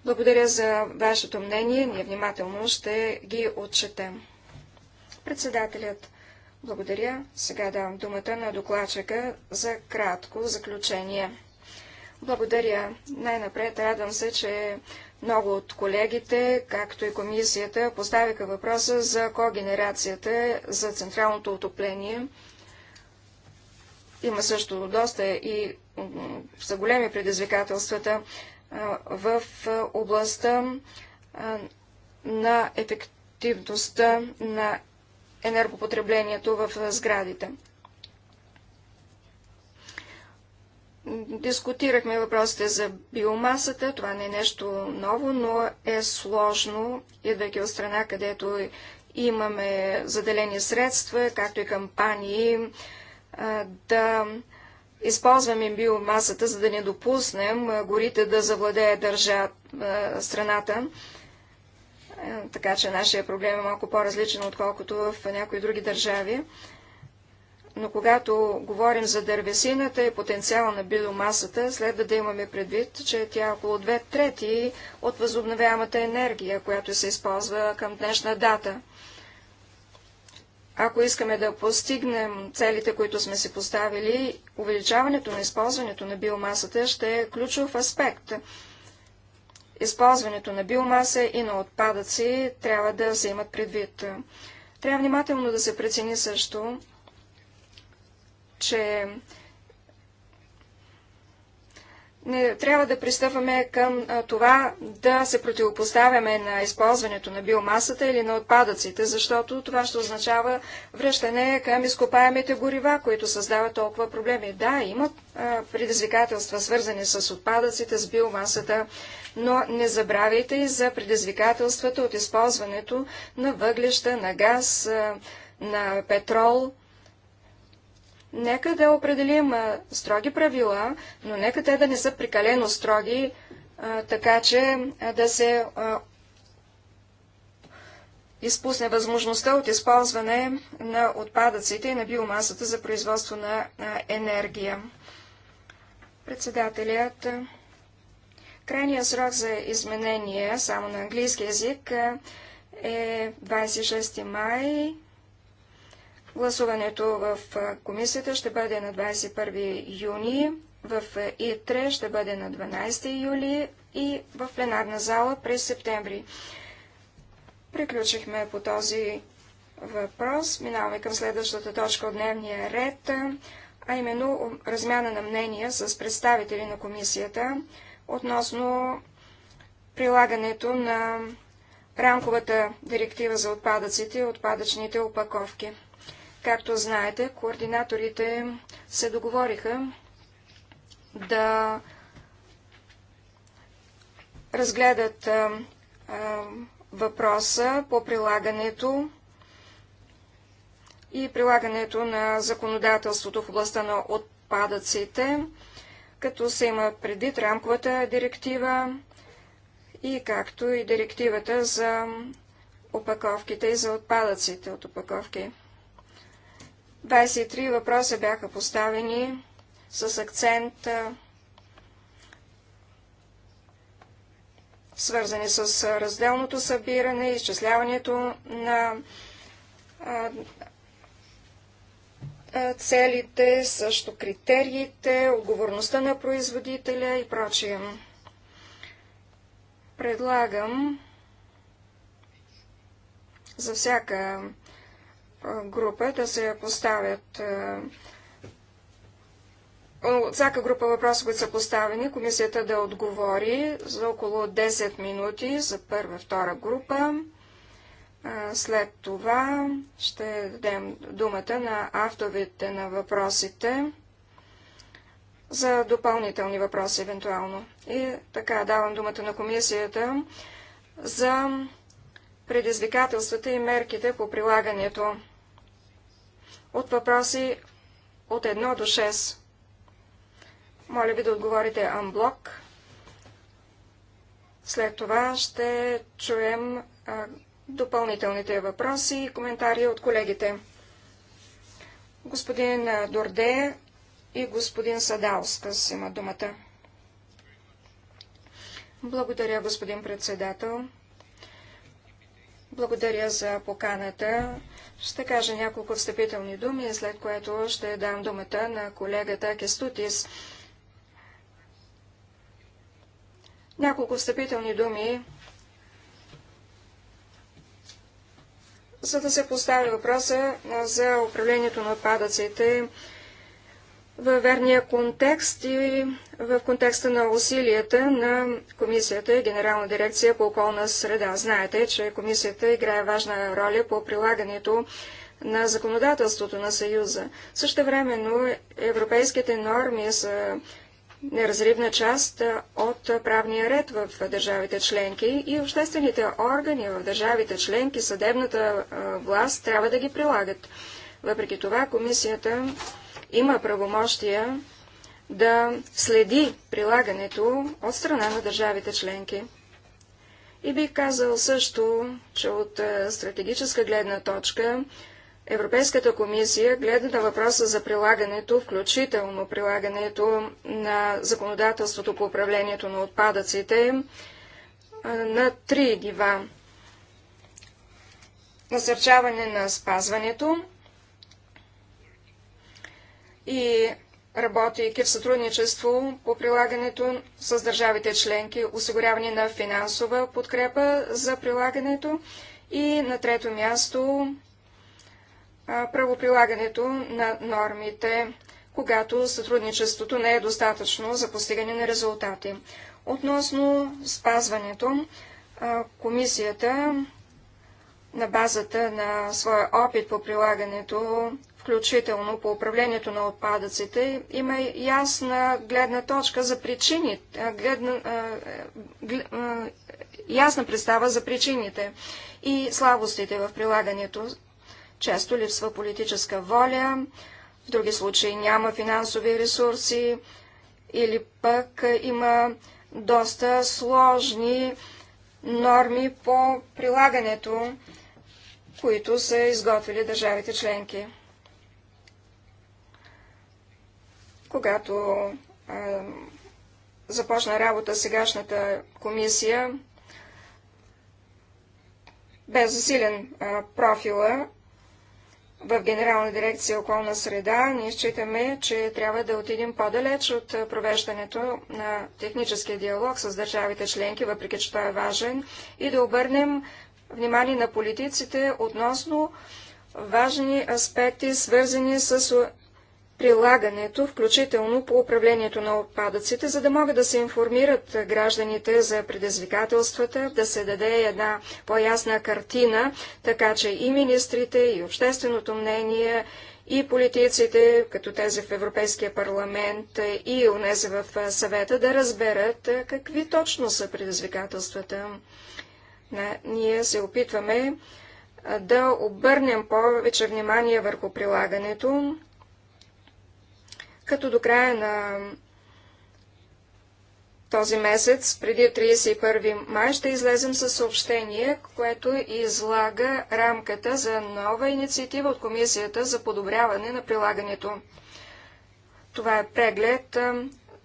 Благодаря за вашето мнение. Ние внимателно ще ги отчетем. Председателят, благодаря. Сега давам думата на докладчика за кратко заключение. Благодаря. Най-напред радвам се, че много от колегите, както и комисията, поставиха въпроса за когенерацията, за централното отопление. Има също доста и са големи предизвикателствата в областта на ефективността на енергопотреблението в сградите. Дискутирахме въпросите за биомасата. Това не е нещо ново, но е сложно, идвайки от страна, където имаме заделени средства, както и кампании, да използваме биомасата, за да не допуснем горите да завладее държа страната. Така че нашия проблем е малко по-различен, отколкото в някои други държави. Но когато говорим за дървесината и потенциала на биомасата, следва да имаме предвид, че тя е около две трети от възобновяемата енергия, която се използва към днешна дата. Ако искаме да постигнем целите, които сме си поставили, увеличаването на използването на биомасата ще е ключов аспект. Използването на биомаса и на отпадъци трябва да се имат предвид. Трябва внимателно да се прецени също, че не трябва да пристъпваме към това да се противопоставяме на използването на биомасата или на отпадъците, защото това ще означава връщане към изкопаемите горива, които създават толкова проблеми. Да, имат предизвикателства, свързани с отпадъците, с биомасата, но не забравяйте и за предизвикателствата от използването на въглища, на газ, на петрол – Нека да определим строги правила, но нека те да не са прекалено строги, така че да се изпусне възможността от използване на отпадъците и на биомасата за производство на енергия. Председателят. Крайният срок за изменение, само на английски язик, е 26 май Гласуването в комисията ще бъде на 21 юни, в ИТРЕ ще бъде на 12 юли и в пленарна зала през септември. Приключихме по този въпрос. Минаваме към следващата точка от дневния ред, а именно размяна на мнения с представители на комисията относно прилагането на рамковата директива за отпадъците и отпадъчните опаковки. Както знаете, координаторите се договориха да разгледат а, а, въпроса по прилагането и прилагането на законодателството в областта на отпадъците, като се има предвид рамковата директива и както и директивата за опаковките и за отпадъците от опаковки. 23 въпроса бяха поставени с акцент свързани с разделното събиране, изчисляването на целите, също критериите, отговорността на производителя и прочие. Предлагам за всяка група да се поставят е, от всяка група въпроси, които са поставени, комисията да отговори за около 10 минути за първа, втора група. Е, след това ще дадем думата на авторите на въпросите за допълнителни въпроси, евентуално. И така давам думата на комисията за предизвикателствата и мерките по прилагането от въпроси от 1 до 6. Моля ви да отговорите анблок. След това ще чуем а, допълнителните въпроси и коментари от колегите. Господин Дорде и господин Садаускас имат думата. Благодаря, господин председател. Благодаря за поканата ще кажа няколко встъпителни думи, след което ще дам думата на колегата Кестутис. Няколко встъпителни думи, за да се постави въпроса за управлението на отпадъците във верния контекст и в контекста на усилията на Комисията и Генерална дирекция по околна среда. Знаете, че Комисията играе важна роля по прилагането на законодателството на Съюза. Също времено европейските норми са неразривна част от правния ред в държавите членки и обществените органи в държавите членки, съдебната власт трябва да ги прилагат. Въпреки това, комисията има правомощия да следи прилагането от страна на държавите членки. И бих казал също, че от е, стратегическа гледна точка Европейската комисия гледа на въпроса за прилагането, включително прилагането на законодателството по управлението на отпадъците е, на три нива. Насърчаване на спазването, и работейки в сътрудничество по прилагането с държавите членки, осигуряване на финансова подкрепа за прилагането и на трето място правоприлагането на нормите, когато сътрудничеството не е достатъчно за постигане на резултати. Относно спазването, комисията на базата на своя опит по прилагането включително по управлението на отпадъците, има ясна гледна точка за причини, гледна, глед, ясна представа за причините и слабостите в прилагането. Често липсва политическа воля, в други случаи няма финансови ресурси или пък има доста сложни норми по прилагането, които са изготвили държавите членки. Когато е, започна работа сегашната комисия, без засилен е, профила в Генерална дирекция околна среда, ние считаме, че трябва да отидем по-далеч от провеждането на техническия диалог с държавите членки, въпреки че той е важен, и да обърнем внимание на политиците относно важни аспекти, свързани с прилагането, включително по управлението на отпадъците, за да могат да се информират гражданите за предизвикателствата, да се даде една по-ясна картина, така че и министрите, и общественото мнение, и политиците, като тези в Европейския парламент и унези в съвета, да разберат какви точно са предизвикателствата. Ние се опитваме да обърнем повече внимание върху прилагането, като до края на този месец, преди 31 май, ще излезем със съобщение, което излага рамката за нова инициатива от Комисията за подобряване на прилагането. Това е преглед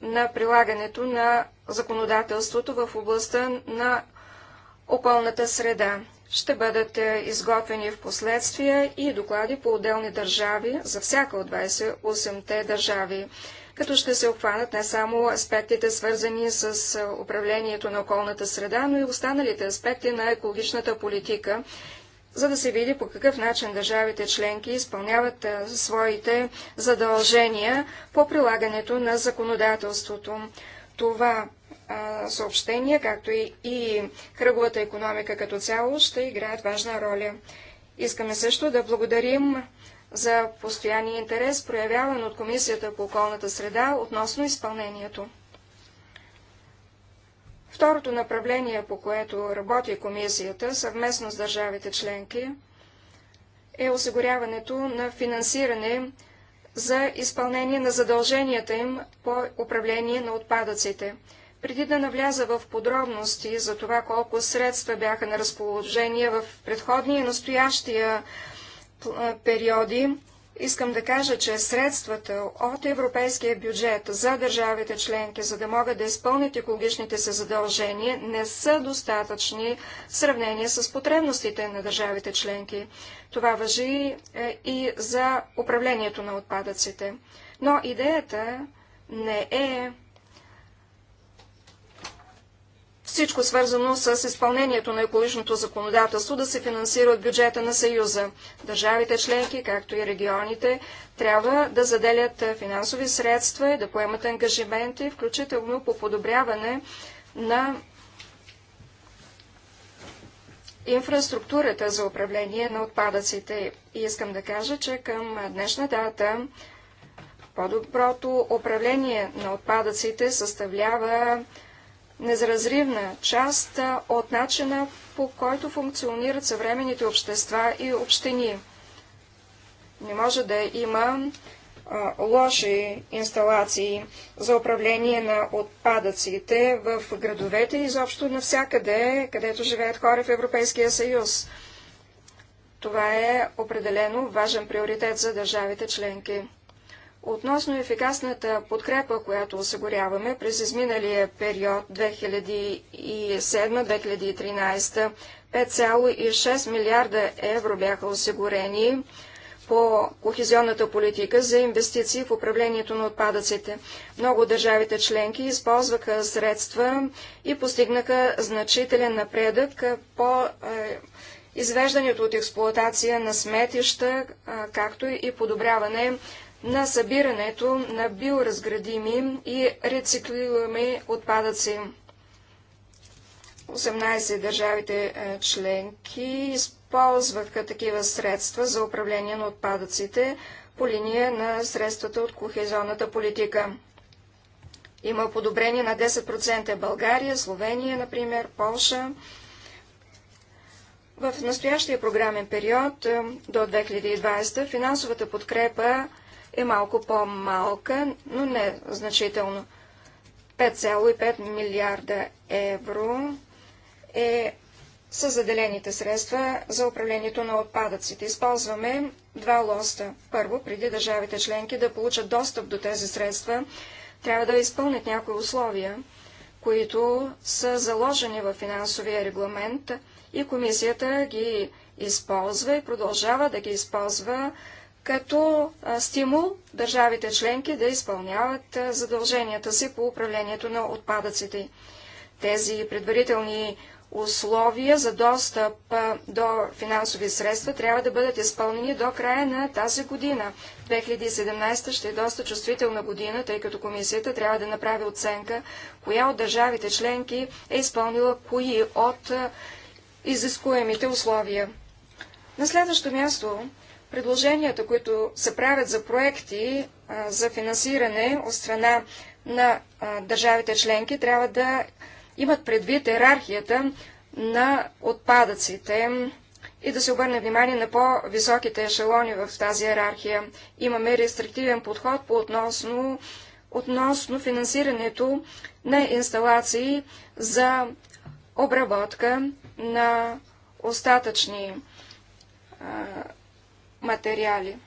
на прилагането на законодателството в областта на околната среда ще бъдат е, изготвени в последствие и доклади по отделни държави за всяка от 28-те държави, като ще се обхванат не само аспектите свързани с е, управлението на околната среда, но и останалите аспекти на екологичната политика, за да се види по какъв начин държавите членки изпълняват е, своите задължения по прилагането на законодателството. Това съобщения, както и, и кръговата економика като цяло, ще играят важна роля. Искаме също да благодарим за постоянния интерес, проявяван от Комисията по околната среда относно изпълнението. Второто направление, по което работи комисията съвместно с държавите членки, е осигуряването на финансиране за изпълнение на задълженията им по управление на отпадъците. Преди да навляза в подробности за това колко средства бяха на разположение в предходния и настоящия периоди, искам да кажа, че средствата от европейския бюджет за държавите членки, за да могат да изпълнят екологичните се задължения, не са достатъчни в сравнение с потребностите на държавите членки. Това въжи е, и за управлението на отпадъците. Но идеята не е всичко свързано с изпълнението на екологичното законодателство да се финансира от бюджета на Съюза. Държавите членки, както и регионите, трябва да заделят е, финансови средства и да поемат ангажименти, включително по подобряване на инфраструктурата за управление на отпадъците. И искам да кажа, че към днешна дата по-доброто управление на отпадъците съставлява неразривна част от начина по който функционират съвременните общества и общини. Не може да има а, лоши инсталации за управление на отпадъците в градовете и изобщо навсякъде, където живеят хора в Европейския съюз. Това е определено важен приоритет за държавите членки. Относно ефикасната подкрепа, която осигуряваме през изминалия период 2007-2013, 5,6 милиарда евро бяха осигурени по кохезионната политика за инвестиции в управлението на отпадъците. Много държавите членки използваха средства и постигнаха значителен напредък по е, извеждането от експлоатация на сметища, както и подобряване на събирането на биоразградими и рециклируеми отпадъци. 18 държавите е, членки използваха такива средства за управление на отпадъците по линия на средствата от кохезионната политика. Има подобрение на 10% България, Словения, например, Полша. В настоящия програмен период е, до 2020 финансовата подкрепа е малко по-малка, но не значително. 5,5 милиарда евро е са заделените средства за управлението на отпадъците. Използваме два лоста. Първо, преди държавите членки да получат достъп до тези средства, трябва да изпълнят някои условия, които са заложени в финансовия регламент и комисията ги използва и продължава да ги използва като стимул държавите членки да изпълняват задълженията си по управлението на отпадъците. Тези предварителни условия за достъп до финансови средства трябва да бъдат изпълнени до края на тази година. 2017 ще е доста чувствителна година, тъй като комисията трябва да направи оценка, коя от държавите членки е изпълнила кои от изискуемите условия. На следващо място предложенията, които се правят за проекти за финансиране от страна на държавите членки, трябва да имат предвид иерархията на отпадъците и да се обърне внимание на по-високите ешелони в тази иерархия. Имаме рестриктивен подход по относно, относно финансирането на инсталации за обработка на остатъчни а, материали.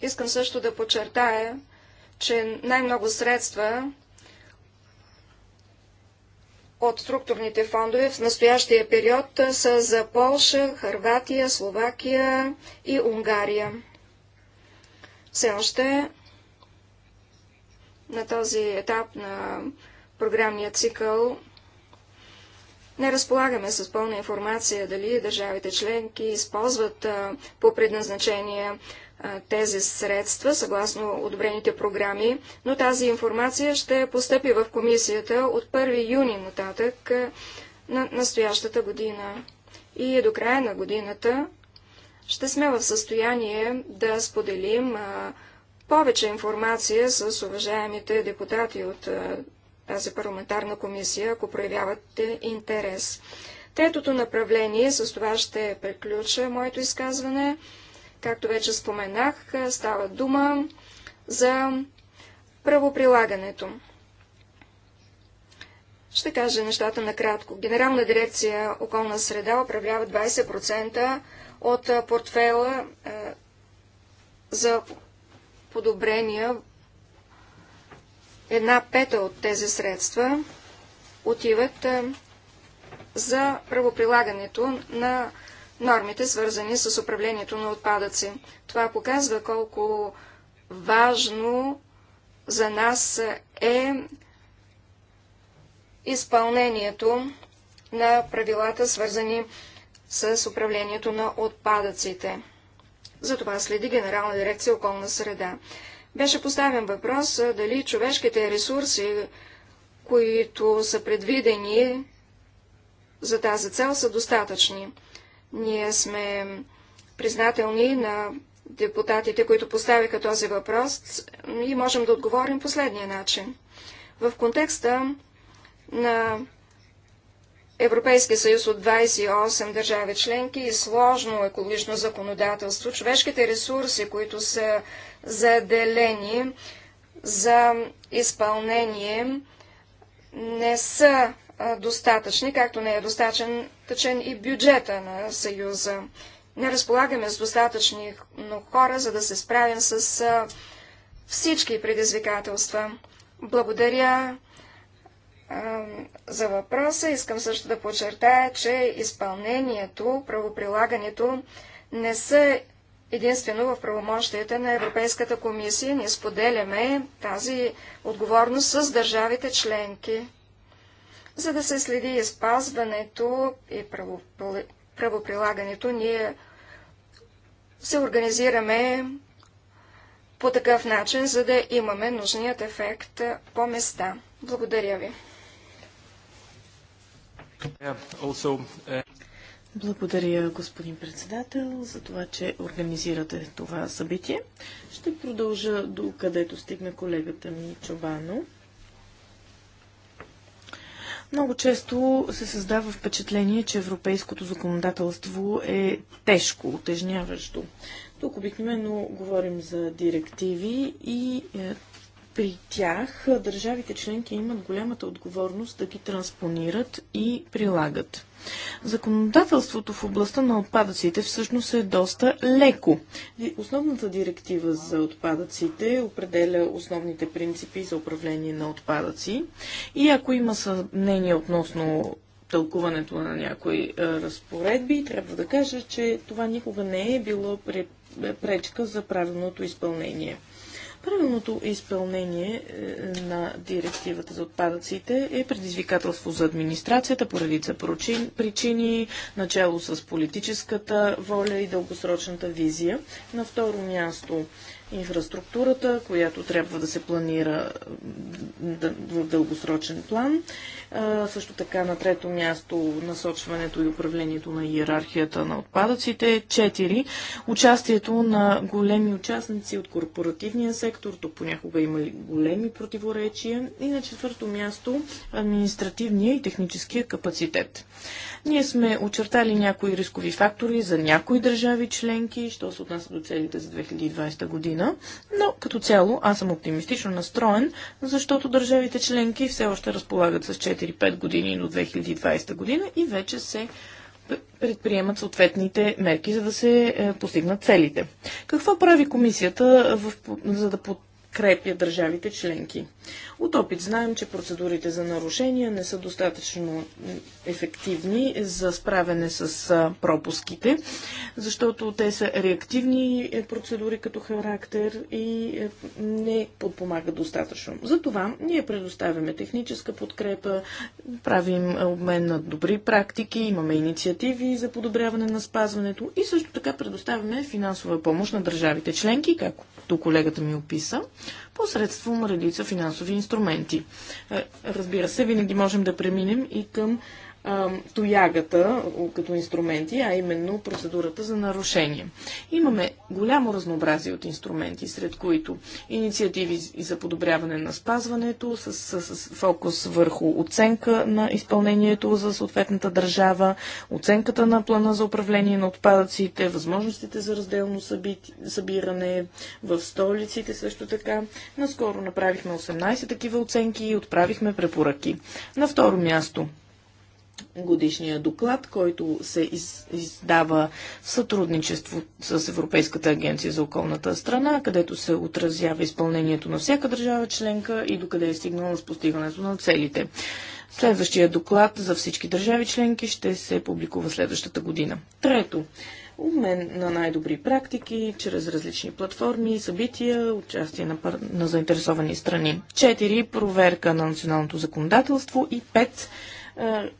Искам също да подчертая, че най-много средства от структурните фондове в настоящия период са за Полша, Харватия, Словакия и Унгария. Все още на този етап на програмния цикъл не разполагаме с пълна информация дали държавите членки използват по предназначение тези средства, съгласно одобрените програми, но тази информация ще постъпи в комисията от 1 юни нататък на настоящата година. И до края на годината ще сме в състояние да споделим повече информация с уважаемите депутати от тази парламентарна комисия, ако проявявате интерес. Третото направление, с това ще приключа моето изказване, както вече споменах, става дума за правоприлагането. Ще кажа нещата накратко. Генерална дирекция околна среда управлява 20% от портфела е, за подобрения една пета от тези средства отиват за правоприлагането на нормите, свързани с управлението на отпадъци. Това показва колко важно за нас е изпълнението на правилата, свързани с управлението на отпадъците. За това следи Генерална дирекция околна среда. Беше поставен въпрос дали човешките ресурси, които са предвидени за тази цел, са достатъчни. Ние сме признателни на депутатите, които поставиха този въпрос и можем да отговорим последния начин. В контекста на Европейския съюз от 28 държави членки и сложно екологично законодателство, човешките ресурси, които са заделени за изпълнение, не са достатъчни, както не е достатъчен тъчен и бюджета на Съюза. Не разполагаме с достатъчни хора, за да се справим с всички предизвикателства. Благодаря за въпроса. Искам също да подчертая, че изпълнението, правоприлагането не са единствено в правомощията на Европейската комисия. Ние споделяме тази отговорност с държавите членки. За да се следи изпазването и правоприлагането, ние се организираме по такъв начин, за да имаме нужният ефект по места. Благодаря ви. Благодаря, господин председател, за това, че организирате това събитие. Ще продължа до където стигна колегата ми Чобано. Много често се създава впечатление, че европейското законодателство е тежко, отежняващо. Тук обикновено говорим за директиви и е, при тях държавите членки имат голямата отговорност да ги транспонират и прилагат. Законодателството в областта на отпадъците всъщност е доста леко. Основната директива за отпадъците определя основните принципи за управление на отпадъци и ако има съмнение относно тълкуването на някои разпоредби, трябва да кажа, че това никога не е било пречка за правилното изпълнение. Правилното изпълнение е, на директивата за отпадъците е предизвикателство за администрацията по редица причини, начало с политическата воля и дългосрочната визия. На второ място инфраструктурата, която трябва да се планира в дългосрочен план. Също така на трето място насочването и управлението на иерархията на отпадъците. Четири. Участието на големи участници от корпоративния сектор. Тук понякога има големи противоречия. И на четвърто място административния и техническия капацитет. Ние сме очертали някои рискови фактори за някои държави членки, що се отнася до целите за 2020 година, но като цяло аз съм оптимистично настроен, защото държавите членки все още разполагат с 4-5 години до 2020 година и вече се предприемат съответните мерки, за да се е, постигнат целите. Какво прави комисията, в, за да подкрепя държавите членки? От опит знаем, че процедурите за нарушения не са достатъчно ефективни за справяне с пропуските, защото те са реактивни е, процедури като характер и е, не подпомагат достатъчно. Затова ние предоставяме техническа подкрепа, правим обмен на добри практики, имаме инициативи за подобряване на спазването и също така предоставяме финансова помощ на държавите членки, както колегата ми описа, посредством редица финансови инструменти. Е, разбира се, винаги можем да преминем и към тоягата като инструменти, а именно процедурата за нарушение. Имаме голямо разнообразие от инструменти, сред които инициативи за подобряване на спазването, с, с, с фокус върху оценка на изпълнението за съответната държава, оценката на плана за управление на отпадъците, възможностите за разделно събиране в столиците също така. Наскоро направихме 18 такива оценки и отправихме препоръки. На второ място годишния доклад, който се издава в сътрудничество с Европейската агенция за околната страна, където се отразява изпълнението на всяка държава членка и докъде е стигнала с постигането на целите. Следващия доклад за всички държави членки ще се публикува следващата година. Трето, обмен на най-добри практики чрез различни платформи, събития, участие на, пар... на заинтересовани страни. Четири, Проверка на националното законодателство и 5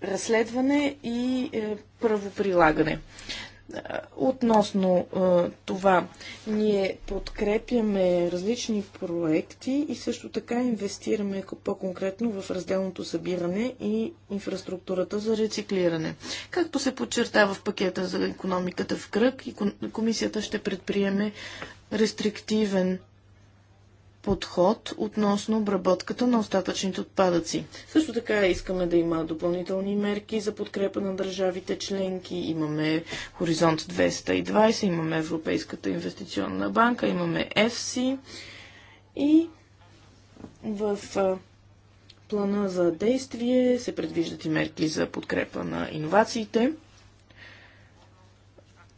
разследване и е, правоприлагане. Относно това, ние подкрепяме различни проекти и също така инвестираме по-конкретно в разделното събиране и инфраструктурата за рециклиране. Както се подчертава в пакета за економиката в кръг, комисията ще предприеме рестриктивен подход относно обработката на остатъчните отпадъци. Също така искаме да има допълнителни мерки за подкрепа на държавите членки. Имаме Хоризонт 220, имаме Европейската инвестиционна банка, имаме FC и в плана за действие се предвиждат и мерки за подкрепа на иновациите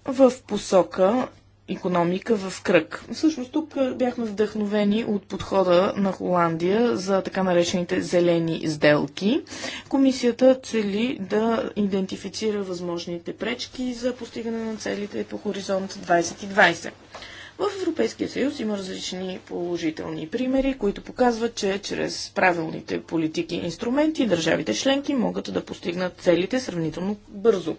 в посока економика в кръг. Всъщност тук бяхме вдъхновени от подхода на Холандия за така наречените зелени сделки. Комисията цели да идентифицира възможните пречки за постигане на целите по хоризонт 2020. В Европейския съюз има различни положителни примери, които показват, че чрез правилните политики и инструменти държавите членки могат да постигнат целите сравнително бързо.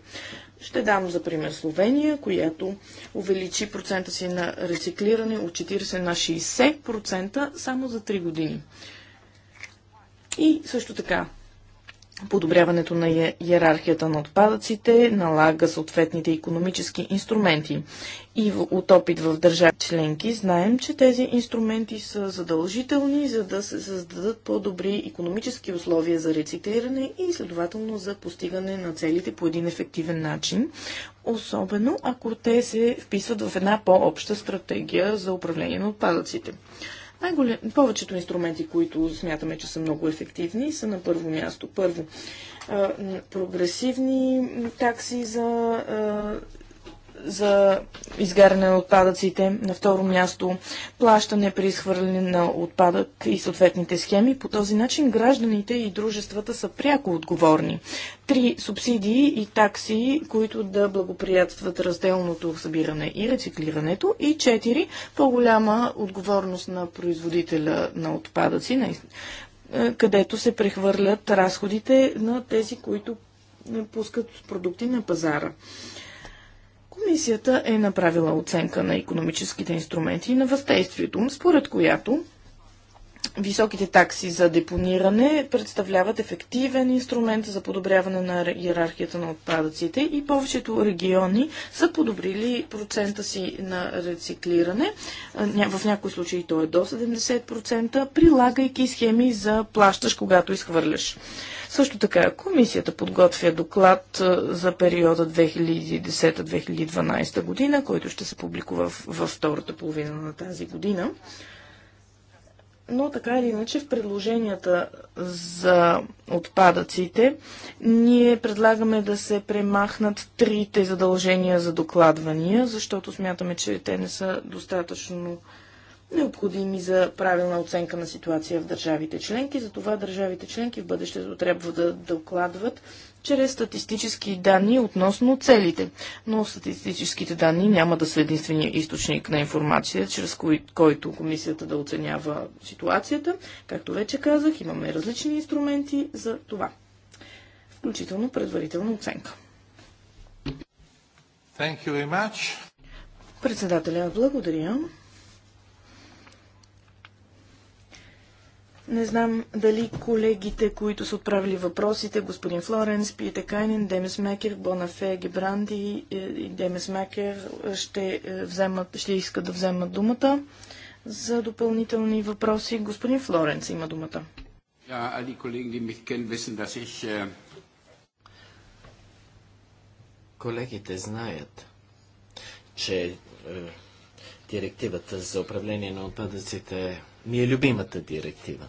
Ще дам за пример Словения, която увеличи процента си на рециклиране от 40 на 60% само за 3 години. И също така подобряването на иерархията на отпадъците, налага съответните економически инструменти. И от опит в държави членки знаем, че тези инструменти са задължителни, за да се създадат по-добри економически условия за рециклиране и следователно за постигане на целите по един ефективен начин, особено ако те се вписват в една по-обща стратегия за управление на отпадъците. Най-голем... Повечето инструменти, които смятаме, че са много ефективни, са на първо място. Първо, прогресивни такси за за изгаряне на отпадъците. На второ място плащане при изхвърляне на отпадък и съответните схеми. По този начин гражданите и дружествата са пряко отговорни. Три субсидии и такси, които да благоприятстват разделното събиране и рециклирането. И четири по-голяма отговорност на производителя на отпадъци, е, където се прехвърлят разходите на тези, които пускат продукти на пазара. Комисията е направила оценка на економическите инструменти и на въздействието, според която Високите такси за депониране представляват ефективен инструмент за подобряване на иерархията на отпадъците и повечето региони са подобрили процента си на рециклиране. В някои случаи то е до 70%, прилагайки схеми за плащаш, когато изхвърляш. Също така, комисията подготвя доклад за периода 2010-2012 година, който ще се публикува във втората половина на тази година но така или иначе в предложенията за отпадъците ние предлагаме да се премахнат трите задължения за докладвания, защото смятаме, че те не са достатъчно необходими за правилна оценка на ситуация в държавите членки. Затова държавите членки в бъдещето трябва да докладват чрез статистически данни относно целите. Но статистическите данни няма да са единствения източник на информация, чрез кой, който комисията да оценява ситуацията. Както вече казах, имаме различни инструменти за това, включително предварителна оценка. Thank you very much. Председателя, благодаря. Не знам дали колегите, които са отправили въпросите, господин Флоренс, Пите Кайнен, Демес Мекер, Бонафе Гебранди и Демес Мекер е, ще, е, вземат, ще искат да вземат думата за допълнителни въпроси. Господин Флоренс има думата. Yeah, kennen, wissen, ich, äh, Колегите знаят, че е, директивата за управление на отпадъците ми е любимата директива.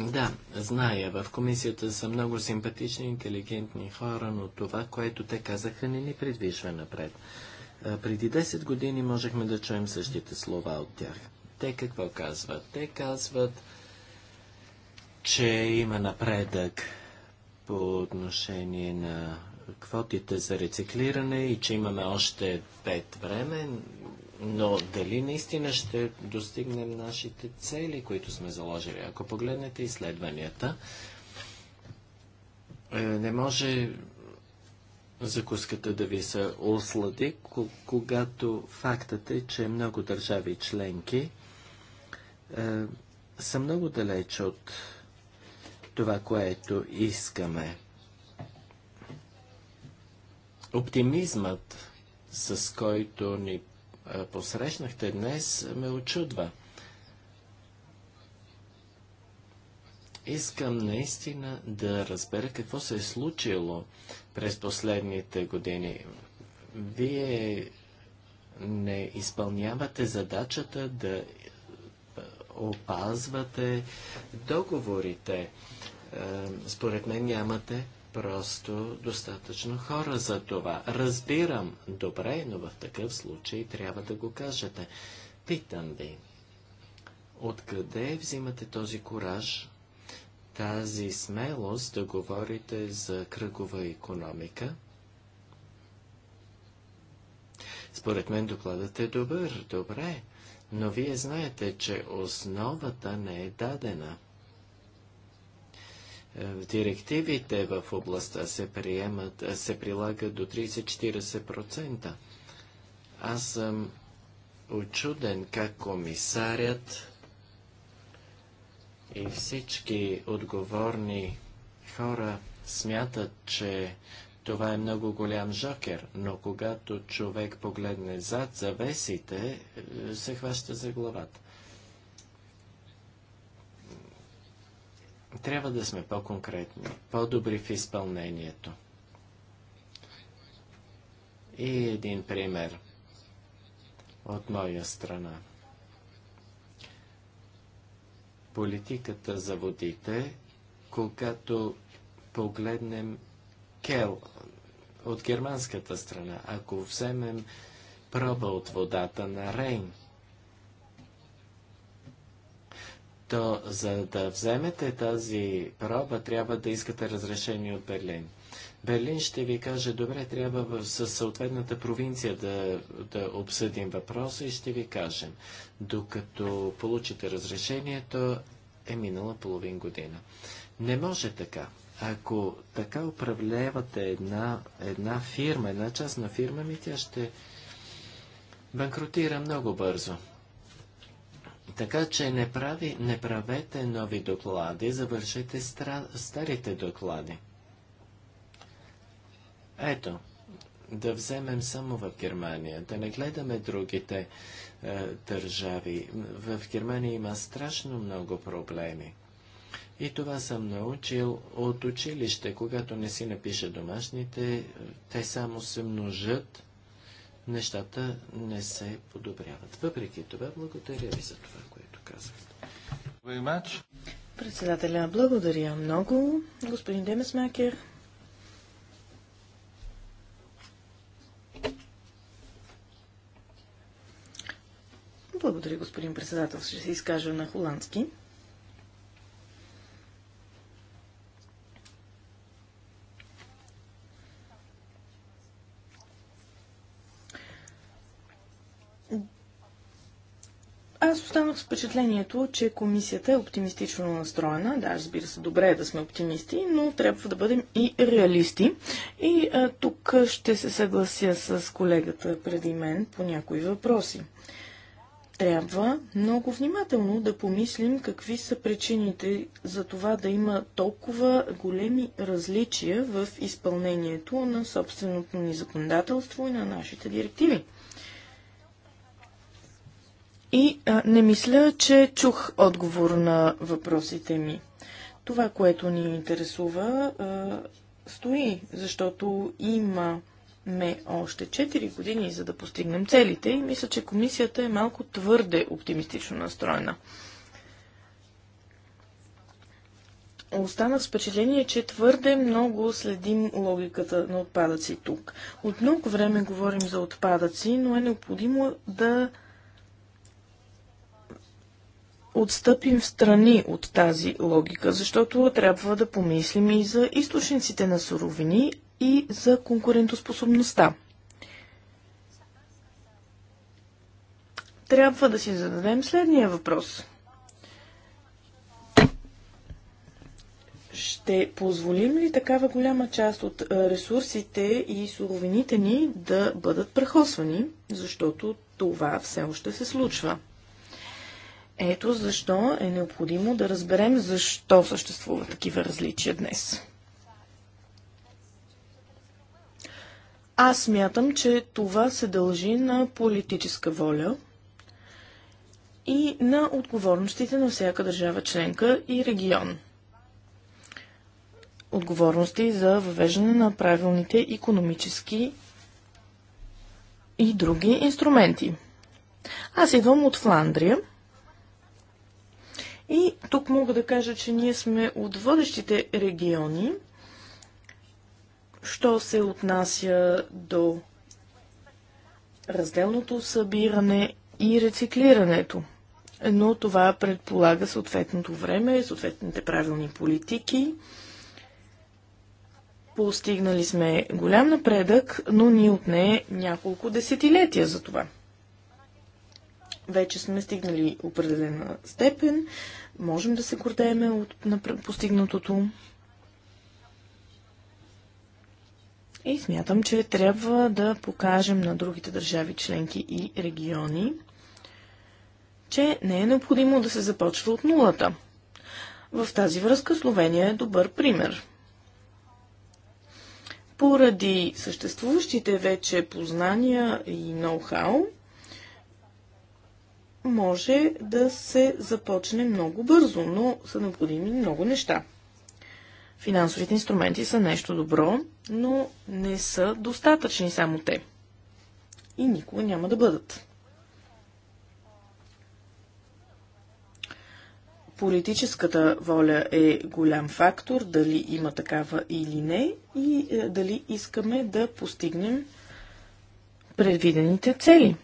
Да, зная, в комисията са много симпатични, интелигентни хора, но това, което те казаха, не ни придвижва напред. преди 10 години можехме да чуем същите слова от тях. Те какво казват? Те казват, че има напредък по отношение на квотите за рециклиране и че имаме още 5 време. Но дали наистина ще достигнем нашите цели, които сме заложили? Ако погледнете изследванията, е, не може закуската да ви се ослади, когато фактът е, че много държави членки е, са много далеч от това, което искаме. Оптимизмът, с който ни посрещнахте днес, ме очудва. Искам наистина да разбера какво се е случило през последните години. Вие не изпълнявате задачата да опазвате договорите. Според мен нямате просто достатъчно хора за това. Разбирам добре, но в такъв случай трябва да го кажете. Питам ви, откъде взимате този кураж, тази смелост да говорите за кръгова економика? Според мен докладът е добър, добре, но вие знаете, че основата не е дадена – директивите в областта се, приемат, се прилагат до 30-40%. Аз съм очуден как комисарят и всички отговорни хора смятат, че това е много голям жокер, но когато човек погледне зад завесите, е, се хваща за главата. Трябва да сме по-конкретни, по-добри в изпълнението. И един пример от моя страна. Политиката за водите, когато погледнем Кел от германската страна, ако вземем проба от водата на Рейн – то за да вземете тази проба, трябва да искате разрешение от Берлин. Берлин ще ви каже, добре, трябва със съответната провинция да, да обсъдим въпроса и ще ви кажем. Докато получите разрешението, е минала половин година. Не може така. Ако така управлявате една, една фирма, една частна фирма, ми тя ще банкротира много бързо. Така че не, прави, не правете нови доклади, завършете стра, старите доклади. Ето, да вземем само в Германия, да не гледаме другите е, държави. В Германия има страшно много проблеми. И това съм научил от училище. Когато не си напише домашните, те само се множат. Нещата не се подобряват. Въпреки това, благодаря ви за това. Председателя, благодаря много. Господин Демесмакер. Благодаря, господин председател. Ще се изкажа на холандски. Аз останах с впечатлението, че комисията е оптимистично настроена. Да, разбира се, добре е да сме оптимисти, но трябва да бъдем и реалисти. И а, тук ще се съглася с колегата преди мен по някои въпроси. Трябва много внимателно да помислим какви са причините за това да има толкова големи различия в изпълнението на собственото ни законодателство и на нашите директиви. И а, не мисля, че чух отговор на въпросите ми. Това, което ни интересува, а, стои, защото има ме още 4 години, за да постигнем целите и мисля, че комисията е малко твърде оптимистично настроена. Останах с впечатление, че твърде много следим логиката на отпадъци тук. От много време говорим за отпадъци, но е необходимо да отстъпим в страни от тази логика, защото трябва да помислим и за източниците на суровини и за конкурентоспособността. Трябва да си зададем следния въпрос. Ще позволим ли такава голяма част от ресурсите и суровините ни да бъдат прехосвани, защото това все още се случва? Ето защо е необходимо да разберем защо съществуват такива различия днес. Аз смятам, че това се дължи на политическа воля и на отговорностите на всяка държава членка и регион. Отговорности за въвеждане на правилните економически и други инструменти. Аз идвам от Фландрия – и тук мога да кажа, че ние сме от водещите региони, що се отнася до разделното събиране и рециклирането. Но това предполага съответното време, съответните правилни политики. Постигнали сме голям напредък, но ни отне няколко десетилетия за това вече сме стигнали определена степен, можем да се гордееме от постигнатото. И смятам, че трябва да покажем на другите държави членки и региони, че не е необходимо да се започва от нулата. В тази връзка Словения е добър пример. Поради съществуващите вече познания и ноу-хау, може да се започне много бързо, но са необходими много неща. Финансовите инструменти са нещо добро, но не са достатъчни само те. И никога няма да бъдат. Политическата воля е голям фактор, дали има такава или не, и е, дали искаме да постигнем предвидените цели.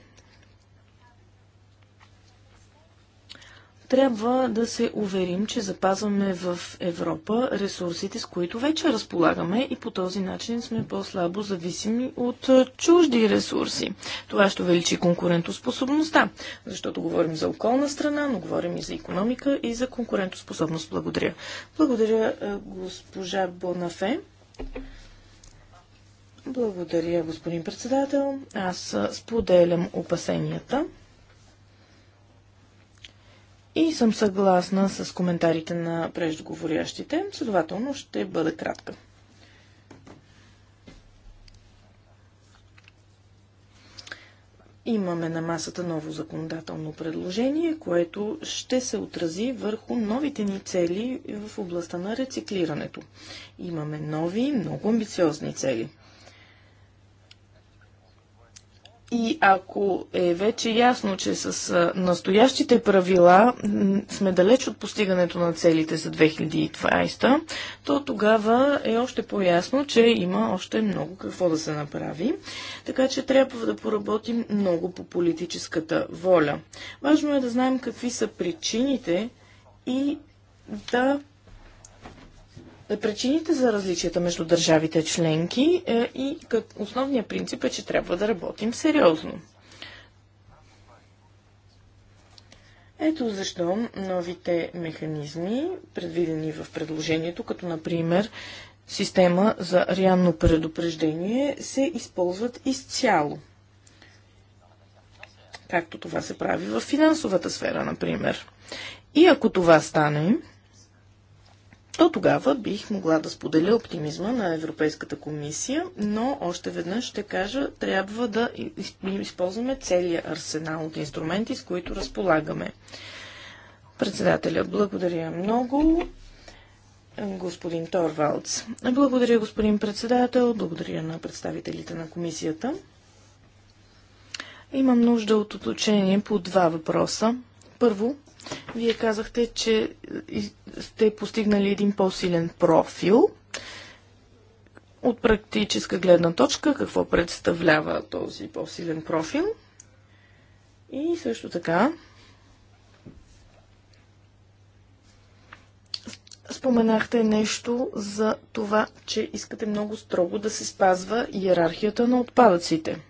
трябва да се уверим, че запазваме в Европа ресурсите, с които вече разполагаме и по този начин сме по-слабо зависими от чужди ресурси. Това ще увеличи конкурентоспособността, защото говорим за околна страна, но говорим и за економика и за конкурентоспособност. Благодаря. Благодаря госпожа Бонафе. Благодаря, господин председател. Аз споделям опасенията и съм съгласна с коментарите на преждоговорящите, следователно ще бъда кратка. Имаме на масата ново законодателно предложение, което ще се отрази върху новите ни цели в областта на рециклирането. Имаме нови, много амбициозни цели – И ако е вече ясно, че с настоящите правила сме далеч от постигането на целите за 2020, то тогава е още по-ясно, че има още много какво да се направи. Така че трябва да поработим много по политическата воля. Важно е да знаем какви са причините и да е, причините за различията между държавите членки е, и основният принцип е, че трябва да работим сериозно. Ето защо новите механизми, предвидени в предложението, като например система за реално предупреждение, се използват изцяло. Както това се прави в финансовата сфера, например. И ако това стане, то тогава бих могла да споделя оптимизма на Европейската комисия, но още веднъж ще кажа, трябва да използваме целия арсенал от инструменти, с които разполагаме. Председателя, благодаря много. Господин Торвалц. Благодаря, господин председател. Благодаря на представителите на комисията. Имам нужда от уточнение по два въпроса. Първо, вие казахте, че сте постигнали един по-силен профил. От практическа гледна точка, какво представлява този по-силен профил? И също така, споменахте нещо за това, че искате много строго да се спазва иерархията на отпадъците.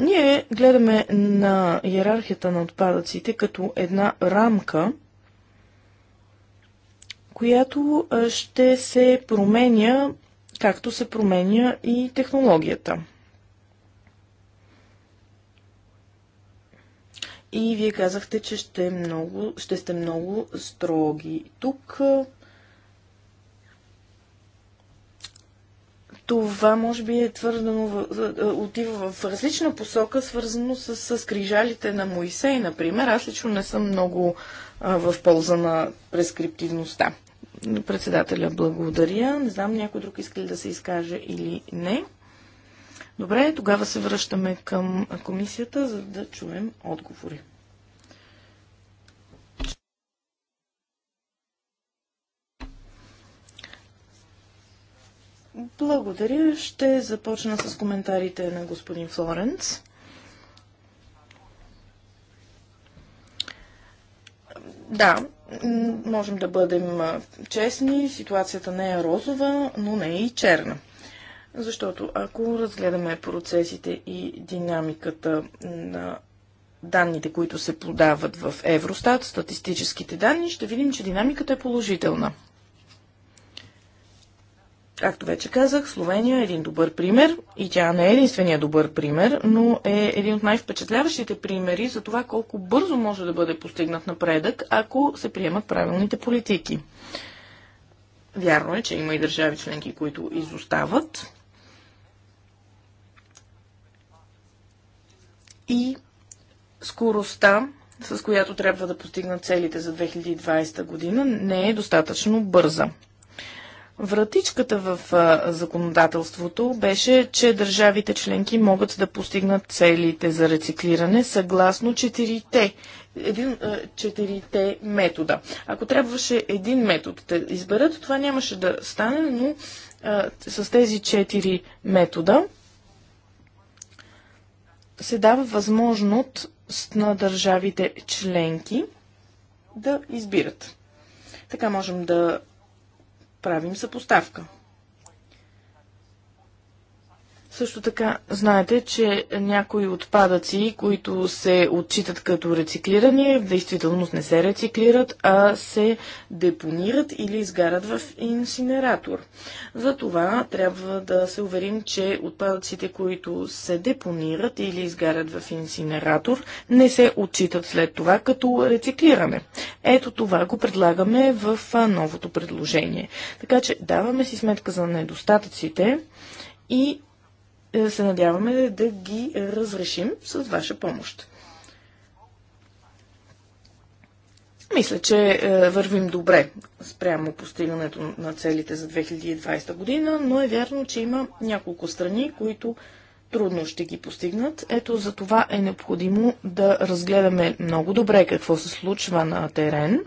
Ние гледаме на иерархията на отпадъците като една рамка, която ще се променя, както се променя и технологията. И вие казахте, че ще, много, ще сте много строги. Тук това може би е твърдено, е, е, отива в различна посока, свързано с, с крижалите на Моисей, например. Аз лично не съм много а, в полза на прескриптивността. Председателя благодаря. Не знам, някой друг иска ли да се изкаже или не. Добре, тогава се връщаме към комисията, за да чуем отговори. Благодаря. Ще започна с коментарите на господин Флоренц. Да, можем да бъдем честни, ситуацията не е розова, но не е и черна. Защото ако разгледаме процесите и динамиката на данните, които се подават в Евростат, статистическите данни, ще видим, че динамиката е положителна. Както вече казах, Словения е един добър пример и тя не е единствения добър пример, но е един от най-впечатляващите примери за това колко бързо може да бъде постигнат напредък, ако се приемат правилните политики. Вярно е, че има и държави членки, които изостават. И скоростта, с която трябва да постигнат целите за 2020 година, не е достатъчно бърза. Вратичката в законодателството беше, че държавите членки могат да постигнат целите за рециклиране съгласно четирите един, четирите метода. Ако трябваше един метод да изберат, това нямаше да стане, но а, с тези четири метода се дава възможност на държавите членки да избират. Така можем да правим съпоставка. Също така, знаете, че някои отпадъци, които се отчитат като рециклирани, в действителност не се рециклират, а се депонират или изгарят в инсинератор. За това трябва да се уверим, че отпадъците, които се депонират или изгарят в инсинератор, не се отчитат след това като рециклиране. Ето това го предлагаме в новото предложение. Така че даваме си сметка за недостатъците и е, се надяваме да ги разрешим с ваша помощ. Мисля, че е, вървим добре спрямо постигането на целите за 2020 година, но е вярно, че има няколко страни, които трудно ще ги постигнат. Ето за това е необходимо да разгледаме много добре какво се случва на терен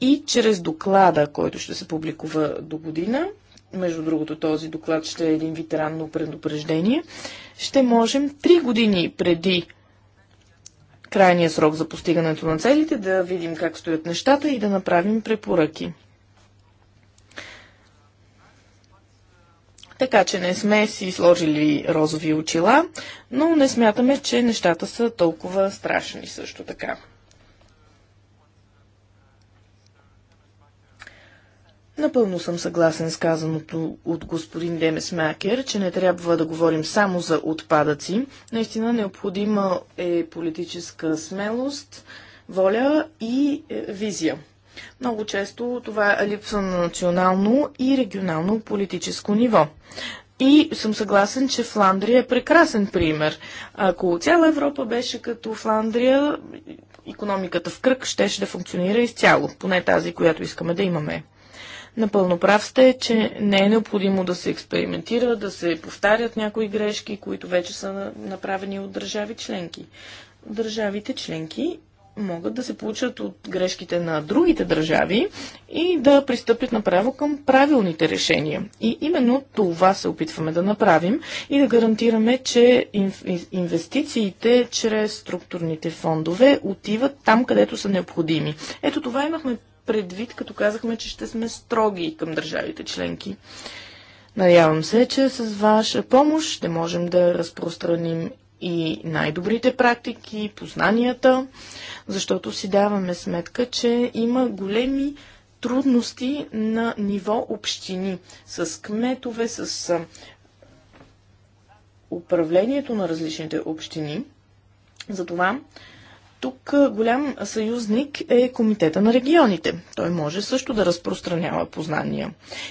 и чрез доклада, който ще се публикува до година, между другото този доклад ще е един ветеранно предупреждение, ще можем три години преди крайния срок за постигането на целите да видим как стоят нещата и да направим препоръки. Така че не сме си сложили розови очила, но не смятаме, че нещата са толкова страшни също така. Напълно съм съгласен с казаното от господин Демес Макер, че не трябва да говорим само за отпадъци. Наистина необходима е политическа смелост, воля и е, визия. Много често това е липса на национално и регионално политическо ниво. И съм съгласен, че Фландрия е прекрасен пример. Ако цяла Европа беше като Фландрия, економиката в кръг щеше ще да функционира изцяло, поне тази, която искаме да имаме. Напълно прав сте, че не е необходимо да се експериментира, да се повтарят някои грешки, които вече са направени от държави членки. Държавите членки могат да се получат от грешките на другите държави и да пристъпят направо към правилните решения. И именно това се опитваме да направим и да гарантираме, че инвестициите чрез структурните фондове отиват там, където са необходими. Ето това имахме предвид, като казахме, че ще сме строги към държавите членки. Надявам се, че с ваша помощ ще можем да разпространим и най-добрите практики, познанията, защото си даваме сметка, че има големи трудности на ниво общини с кметове, с управлението на различните общини. Затова тук голям съюзник е Комитета на регионите. Той може също да разпространява познания.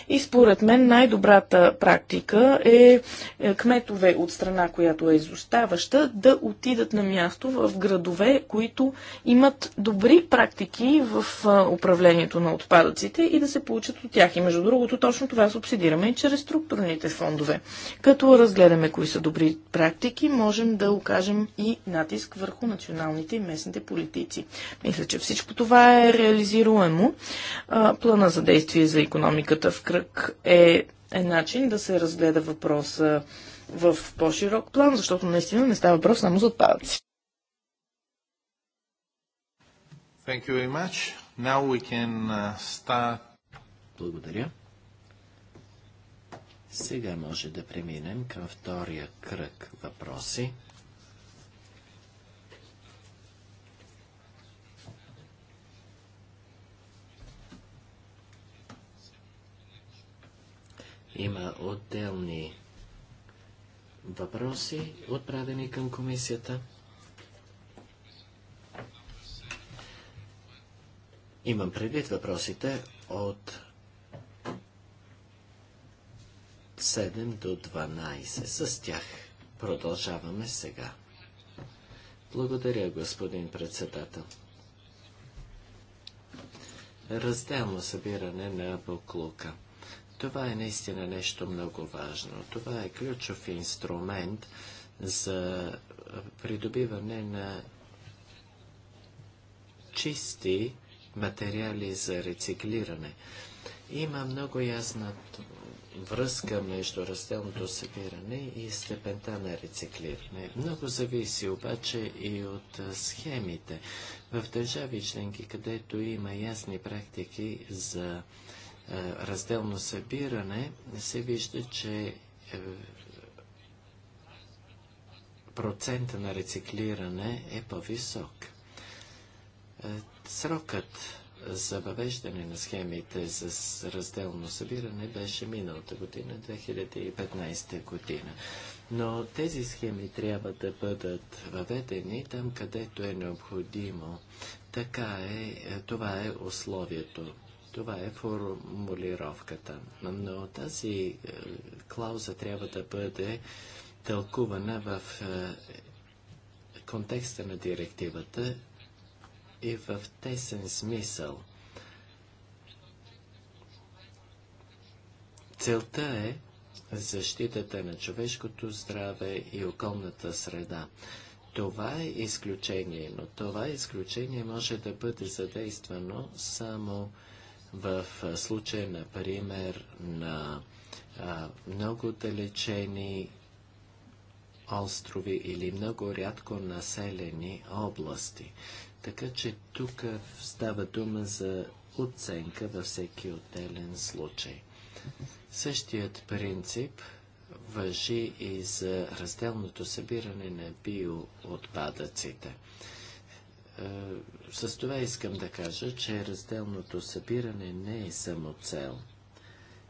И според мен най-добрата практика е, е кметове от страна, която е изоставаща, да отидат на място в градове, които имат добри практики в управлението на отпадъците и да се получат от тях. И между другото, точно това субсидираме и чрез структурните фондове. Като разгледаме кои са добри практики, можем да окажем и натиск върху националните и местни местните политици. Мисля, че всичко това е реализируемо. Плана за действие за економиката в кръг е, е начин да се разгледа въпроса в по-широк план, защото наистина не става въпрос само за отпадъци. Thank you very much. Now we can uh, start. Благодаря. Сега може да преминем към втория кръг въпроси. Има отделни въпроси, отправени към комисията. Имам предвид въпросите от 7 до 12. С тях продължаваме сега. Благодаря, господин председател. Разделно събиране на буклука. Това е наистина нещо много важно. Това е ключов инструмент за придобиване на чисти материали за рециклиране. Има много ясна връзка между разделното събиране и степента на рециклиране. Много зависи обаче и от схемите. В държави членки, където има ясни практики за е, разделно събиране, се вижда, че е, процента на рециклиране е по-висок. Е, срокът за въвеждане на схемите за разделно събиране беше миналата година, 2015 година. Но тези схеми трябва да бъдат въведени там, където е необходимо. Така е, това е условието това е формулировката. Но тази е, клауза трябва да бъде тълкувана в е, контекста на директивата и в тесен смисъл. Целта е защитата на човешкото здраве и околната среда. Това е изключение, но това изключение може да бъде задействано само в случай, например, на много далечени острови или много рядко населени области. Така че тук става дума за оценка във всеки отделен случай. Същият принцип въжи и за разделното събиране на биоотпадъците. Е, с това искам да кажа, че разделното събиране не е само цел.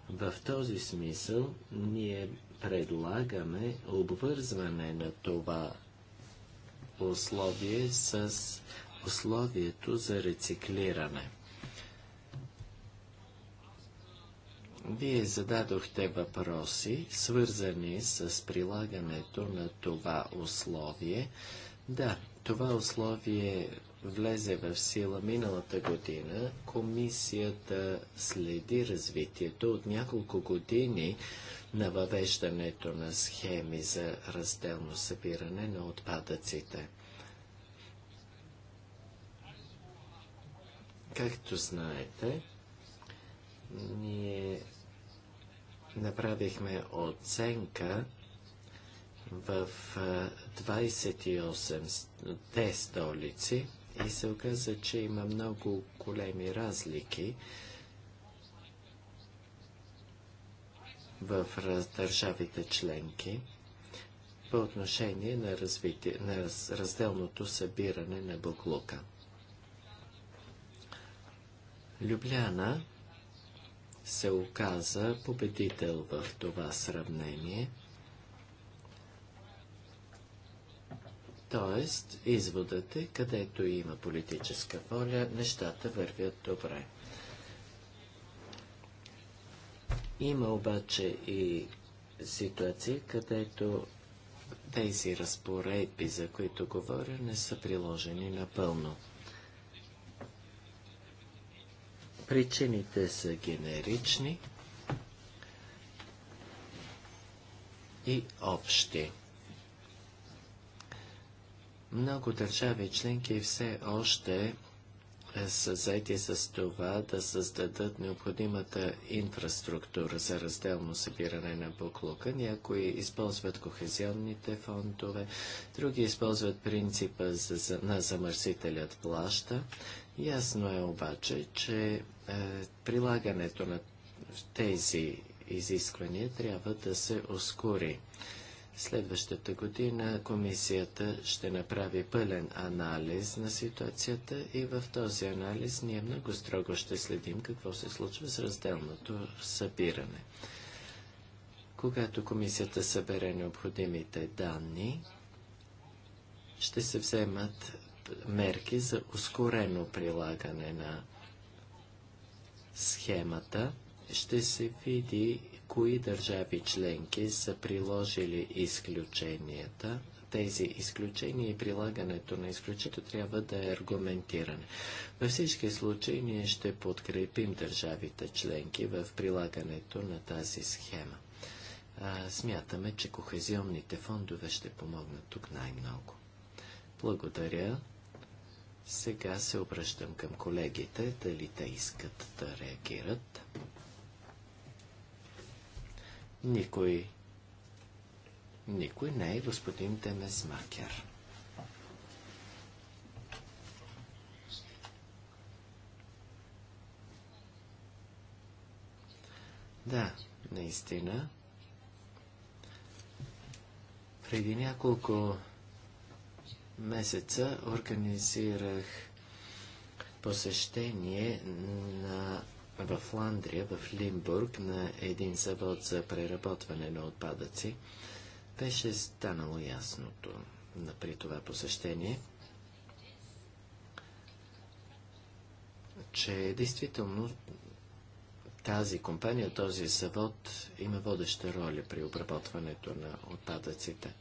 В този смисъл ние предлагаме обвързване на това условие с условието за рециклиране. Вие зададохте въпроси, свързани с прилагането на това условие. Да, това условие влезе в сила миналата година, комисията следи развитието от няколко години на въвеждането на схеми за разделно събиране на отпадъците. Както знаете, ние направихме оценка в 28 столици и се оказа, че има много големи разлики в държавите членки по отношение на, развитие, на разделното събиране на буклука. Любляна се оказа победител в това сравнение – Тоест, изводът е, където има политическа воля, нещата вървят добре. Има обаче и ситуации, където тези разпоредби, за които говоря, не са приложени напълно. Причините са генерични и общи. Много държави членки все още е, са заети с това да създадат необходимата инфраструктура за разделно събиране на буклука. Някои използват кохезионните фондове, други използват принципа за, на замърсителят плаща. Ясно е обаче, че е, прилагането на тези изисквания трябва да се ускори. Следващата година комисията ще направи пълен анализ на ситуацията и в този анализ ние много строго ще следим какво се случва с разделното събиране. Когато комисията събере необходимите данни, ще се вземат мерки за ускорено прилагане на схемата. Ще се види кои държави членки са приложили изключенията. Тези изключения и прилагането на изключението трябва да е аргументиране. Във всички случаи ние ще подкрепим държавите членки в прилагането на тази схема. А, смятаме, че кохезионните фондове ще помогнат тук най-много. Благодаря. Сега се обръщам към колегите, дали те искат да реагират. Никой. Никой не е господин Демезмакер. Да, наистина. Преди няколко месеца организирах посещение на в Фландрия, в Лимбург, на един завод за преработване на отпадъци, беше станало ясното при това посещение, че действително тази компания, този завод има водеща роля при обработването на отпадъците.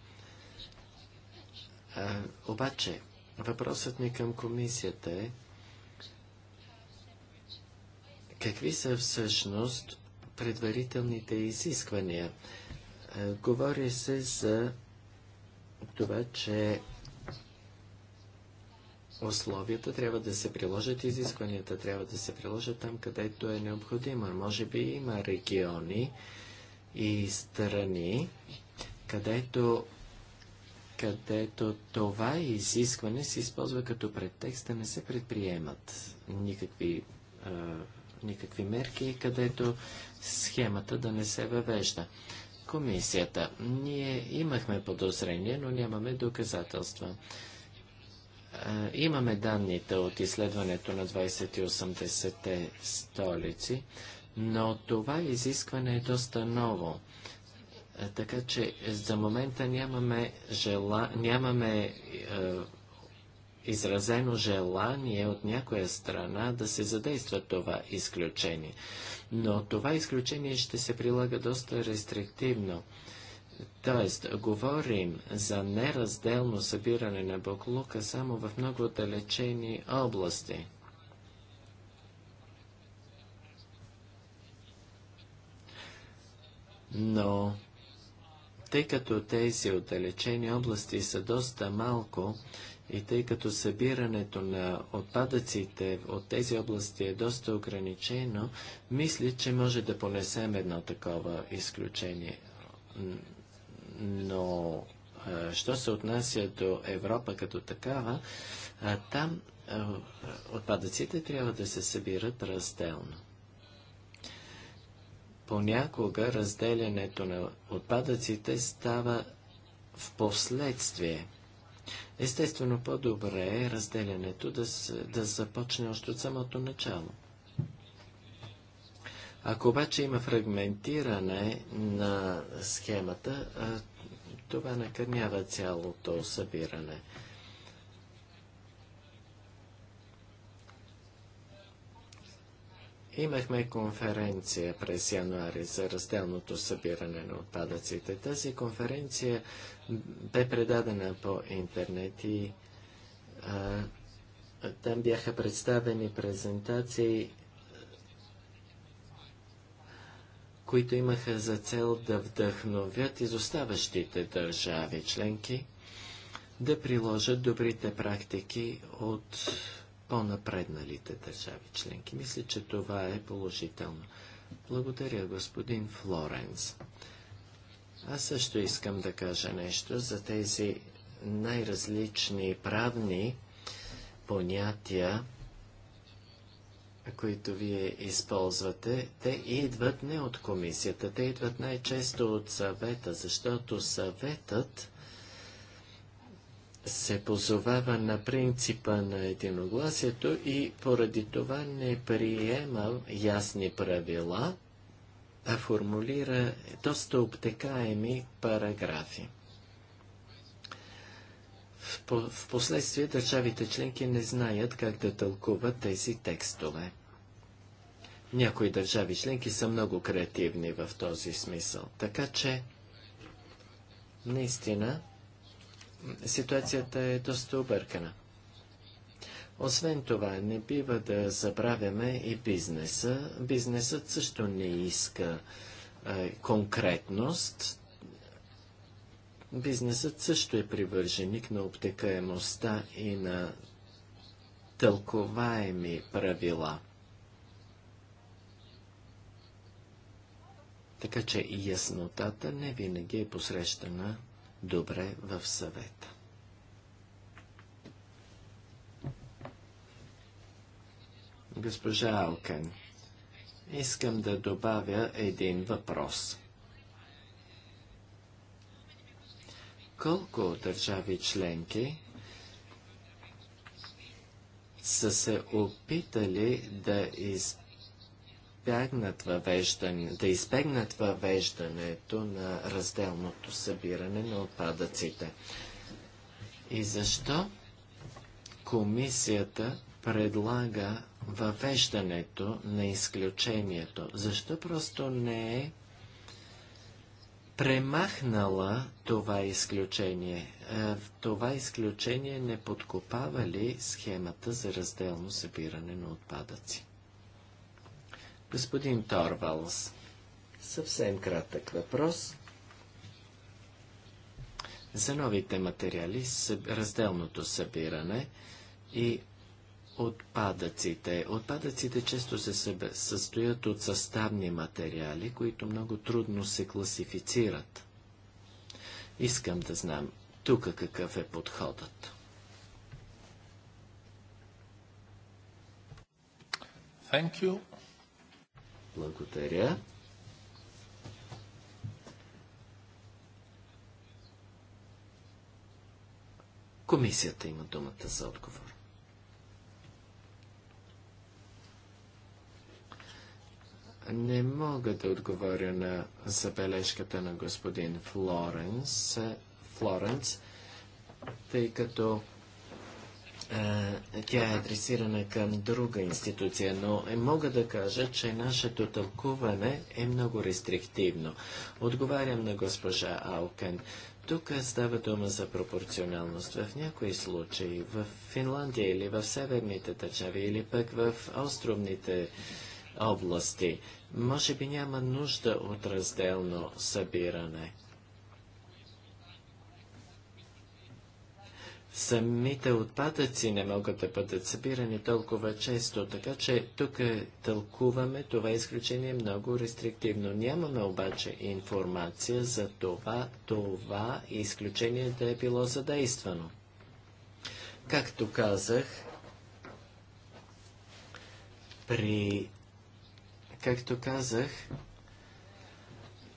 А, обаче, въпросът ми към комисията е, Какви са всъщност предварителните изисквания? Е, говори се за това, че условията трябва да се приложат, изискванията трябва да се приложат там, където е необходимо. Може би има региони и страни, където, където това изискване се използва като предтекст да не се предприемат никакви е, никакви мерки, където схемата да не се въвежда. Комисията. Ние имахме подозрение, но нямаме доказателства. имаме данните от изследването на 2080-те столици, но това изискване е доста ново. така че за момента нямаме, жела... нямаме е, изразено желание от някоя страна да се задейства това изключение. Но това изключение ще се прилага доста рестриктивно. Тоест, говорим за неразделно събиране на Боклука само в много отдалечени области. Но, тъй като тези отдалечени области са доста малко, и тъй като събирането на отпадъците от тези области е доста ограничено, мисля, че може да понесем едно такова изключение. Но, що се отнася до Европа като такава, там отпадъците трябва да се събират разделно. Понякога разделянето на отпадъците става в последствие – Естествено, по-добре е разделянето да, да започне още от самото начало. Ако обаче има фрагментиране на схемата, това накърнява цялото събиране. Имахме конференция през януари за разделното събиране на отпадъците. Тази конференция бе предадена по интернет и а, там бяха представени презентации, които имаха за цел да вдъхновят изоставащите държави членки да приложат добрите практики от по-напредналите държави членки. Мисля, че това е положително. Благодаря, господин Флоренс. Аз също искам да кажа нещо за тези най-различни правни понятия, които вие използвате, те идват не от комисията, те идват най-често от съвета, защото съветът се позовава на принципа на единогласието и поради това не приема ясни правила, формулира доста обтекаеми параграфи. В последствие държавите членки не знаят как да тълкуват тези текстове. Някои държави членки са много креативни в този смисъл. Така че, наистина, ситуацията е доста объркана. Освен това, не бива да забравяме и бизнеса. Бизнесът също не иска е, конкретност. Бизнесът също е привърженик на обтекаемостта и на тълковаеми правила. Така че яснотата не винаги е посрещана добре в съвета. Госпожа Алкен, искам да добавя един въпрос. Колко държави членки са се опитали да избегнат, да избегнат въвеждането на разделното събиране на отпадъците. И защо комисията предлага въвеждането на изключението? Защо просто не е премахнала това изключение? Е, това изключение не подкопава ли схемата за разделно събиране на отпадъци? Господин Торвалс, съвсем кратък въпрос за новите материали, разделното събиране и Отпадъците. Отпадъците често се състоят от съставни материали, които много трудно се класифицират. Искам да знам тук какъв е подходът. Thank you. Благодаря. Комисията има думата за отговор. Не мога да отговоря на забележката на господин Флоренс, Флоренс тъй като а, е, тя е адресирана към друга институция, но е, мога да кажа, че нашето тълкуване е много рестриктивно. Отговарям на госпожа Алкен. Тук става дума за пропорционалност. В някои случаи, в Финландия или в северните държави, или пък в островните области. Може би няма нужда от разделно събиране. Самите отпадъци не могат да бъдат събирани толкова често, така че тук тълкуваме това изключение много рестриктивно. Нямаме обаче информация за това, това изключение да е било задействано. Както казах, при Както казах,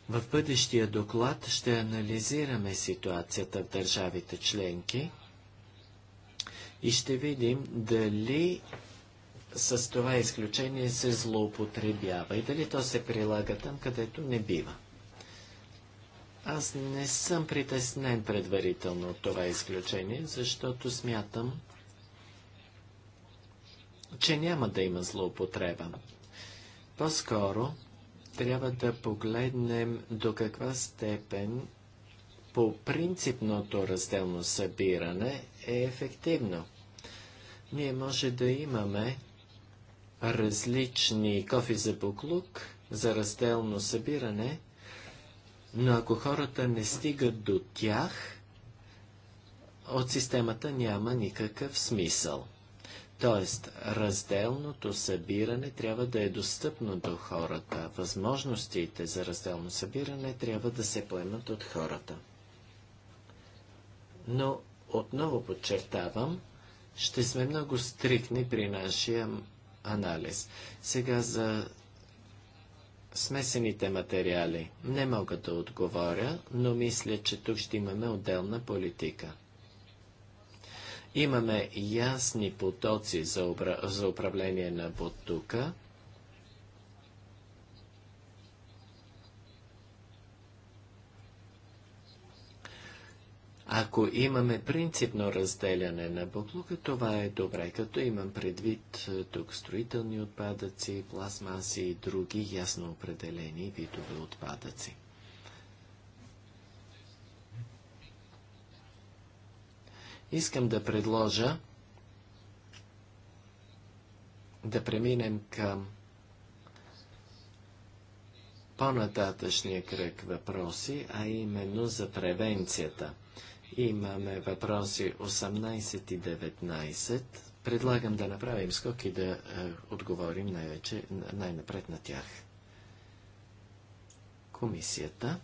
в бъдещия доклад ще анализираме ситуацията в държавите членки и ще видим дали с това изключение се злоупотребява и дали то се прилага там, където не бива. Аз не съм притеснен предварително от това изключение, защото смятам, че няма да има злоупотреба. По-скоро трябва да погледнем до каква степен по принципното разделно събиране е ефективно. Ние може да имаме различни кофи за буклук, за разделно събиране, но ако хората не стигат до тях, от системата няма никакъв смисъл. Тоест, разделното събиране трябва да е достъпно до хората. Възможностите за разделно събиране трябва да се поемат от хората. Но, отново подчертавам, ще сме много стрикни при нашия анализ. Сега за смесените материали не мога да отговоря, но мисля, че тук ще имаме отделна политика. Имаме ясни потоци за, обра... за управление на потока. Ако имаме принципно разделяне на буклука, това е добре, като имам предвид е, тук строителни отпадъци, пластмаси и други ясно определени видове отпадъци. Искам да предложа да преминем към по-нататъчния кръг въпроси, а именно за превенцията. Имаме въпроси 18 и 19. Предлагам да направим скок и да е, отговорим най-вече най-напред на тях. Комисията.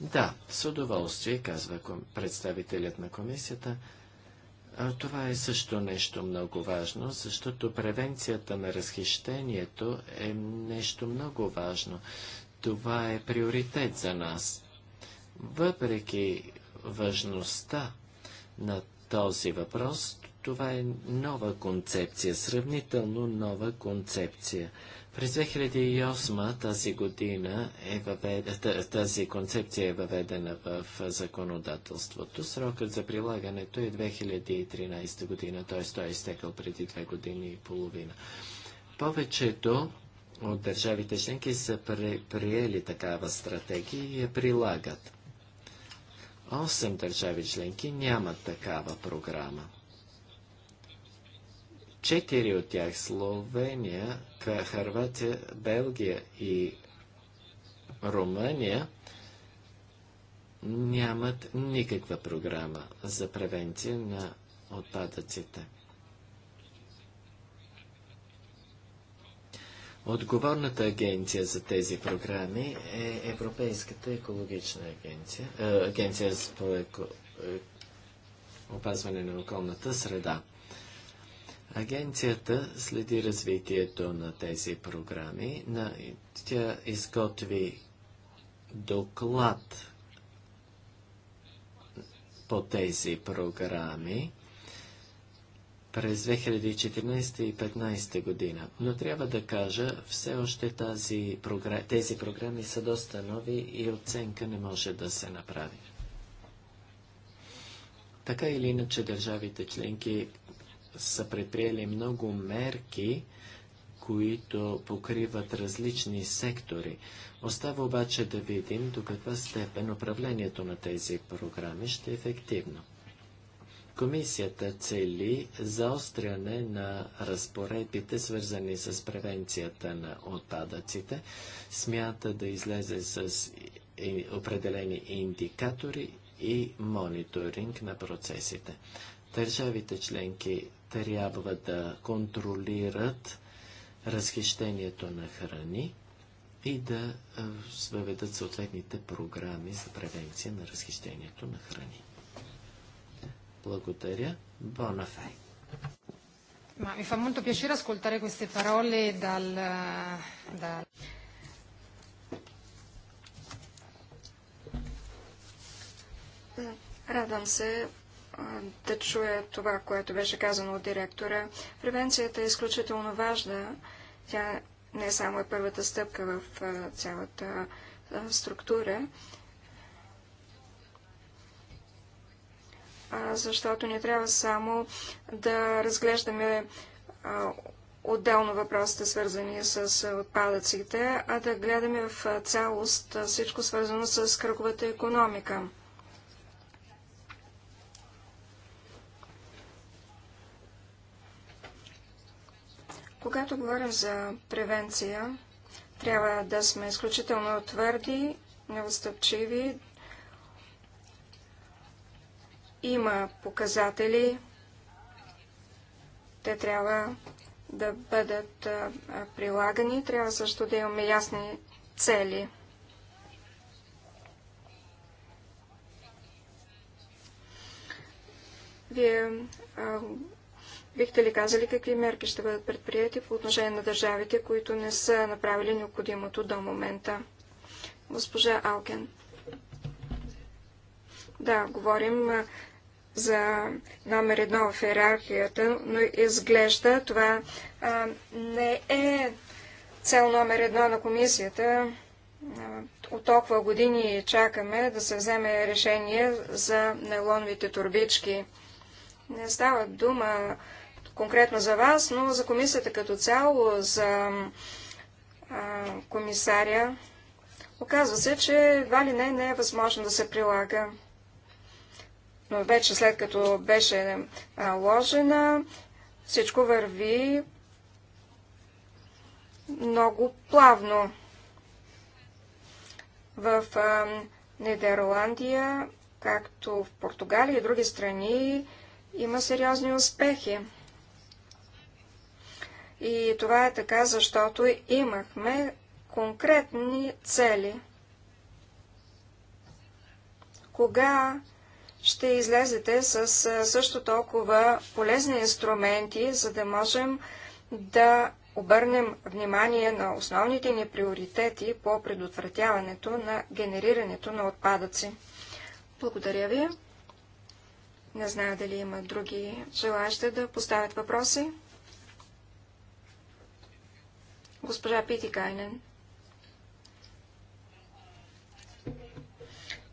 Да, с удоволствие, казва представителят на комисията. Това е също нещо много важно, защото превенцията на разхищението е нещо много важно. Това е приоритет за нас. Въпреки важността на този въпрос, това е нова концепция, сравнително нова концепция. През 2008 тази година е въвед... тази концепция е въведена в законодателството. Срокът за прилагането е 2013 година, т.е. той е изтекал преди две години и половина. Повечето от държавите членки са приели такава стратегия и я прилагат. Осем държави членки нямат такава програма. Четири от тях Словения, Харватия, Белгия и Румъния нямат никаква програма за превенция на отпадъците. Отговорната агенция за тези програми е Европейската екологична агенция, е, агенция по еко, е, опазване на околната среда. Агенцията следи развитието на тези програми. На, тя изготви доклад по тези програми през 2014 и 2015 година. Но трябва да кажа, все още тази, тези програми са доста нови и оценка не може да се направи. Така или иначе държавите членки са предприели много мерки, които покриват различни сектори. Остава обаче да видим до каква степен управлението на тези програми ще е ефективно. Комисията цели заостряне на разпоредбите, свързани с превенцията на отпадъците, смята да излезе с определени индикатори и мониторинг на процесите. Държавите членки трябва да контролират разхищението на храни и да въведат съответните програми за превенция на разхищението на храни. Благодаря. Бонафай. Ma mi fa molto piacere ascoltare queste parole dal, dal... Радвам се да чуя това, което беше казано от директора. Превенцията е изключително важна. Тя не само е първата стъпка в цялата структура, защото не трябва само да разглеждаме отделно въпросите, свързани с отпадъците, а да гледаме в цялост всичко свързано с кръговата економика. Когато говорим за превенция, трябва да сме изключително твърди, неотстъпчиви. Има показатели. Те трябва да бъдат прилагани. Трябва също да имаме ясни цели. Вие Бихте ли казали какви мерки ще бъдат предприяти по отношение на държавите, които не са направили необходимото до момента? Госпожа Алкен. Да, говорим за номер едно в иерархията, но изглежда това а, не е цел номер едно на комисията. От толкова години чакаме да се вземе решение за нейлоновите турбички. Не става дума конкретно за вас, но за комисията като цяло, за а, комисаря. Оказва се, че едва ли не, не е възможно да се прилага. Но вече след като беше а, ложена, всичко върви много плавно. В а, Нидерландия, както в Португалия и други страни, има сериозни успехи. И това е така, защото имахме конкретни цели. Кога ще излезете с също толкова полезни инструменти, за да можем да обърнем внимание на основните ни приоритети по предотвратяването на генерирането на отпадъци. Благодаря ви. Не знам дали има други желаящи да поставят въпроси. Госпожа Пити Кайнен.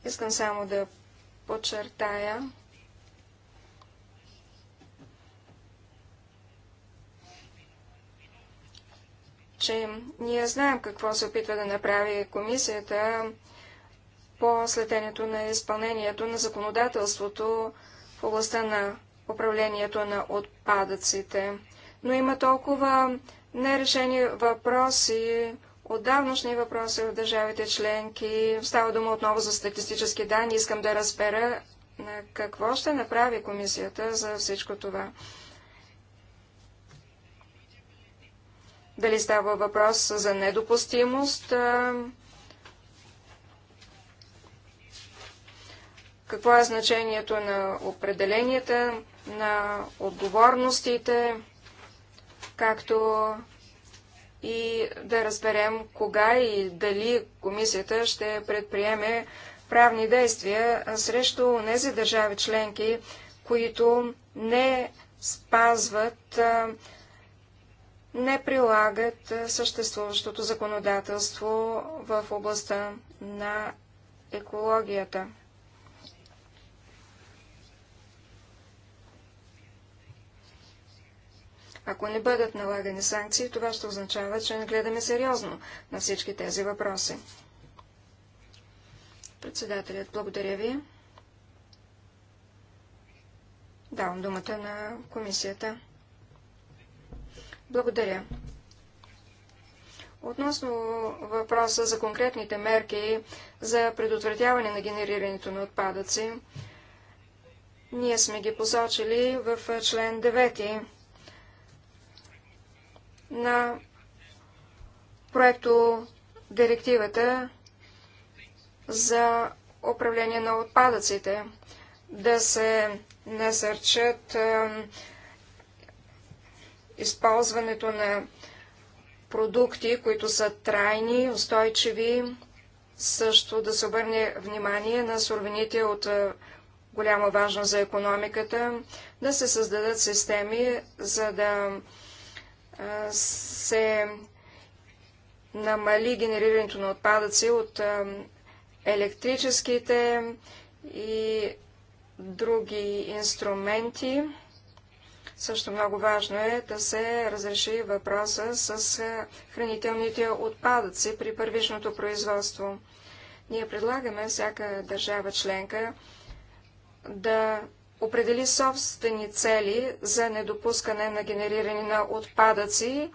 Искам само да подчертая, че ние знаем какво се опитва да направи комисията по следенето на изпълнението на законодателството в областта на управлението на отпадъците. Но има толкова нерешени въпроси, отдавнашни въпроси в държавите членки. Става дума отново за статистически данни. Искам да разбера на какво ще направи комисията за всичко това. Дали става въпрос за недопустимост? Какво е значението на определенията, на отговорностите? както и да разберем кога и дали комисията ще предприеме правни действия срещу тези държави членки, които не спазват, не прилагат съществуващото законодателство в областта на екологията. Ако не бъдат налагани санкции, това ще означава, че не гледаме сериозно на всички тези въпроси. Председателят, благодаря ви. Давам думата на комисията. Благодаря. Относно въпроса за конкретните мерки за предотвратяване на генерирането на отпадъци, ние сме ги посочили в член 9 на проекто директивата за управление на отпадъците, да се насърчат е, използването на продукти, които са трайни, устойчиви, също да се обърне внимание на суровините от голяма важност за економиката, да се създадат системи, за да се намали генерирането на отпадъци от електрическите и други инструменти. Също много важно е да се разреши въпроса с хранителните отпадъци при първичното производство. Ние предлагаме всяка държава членка да определи собствени цели за недопускане на генериране на отпадъци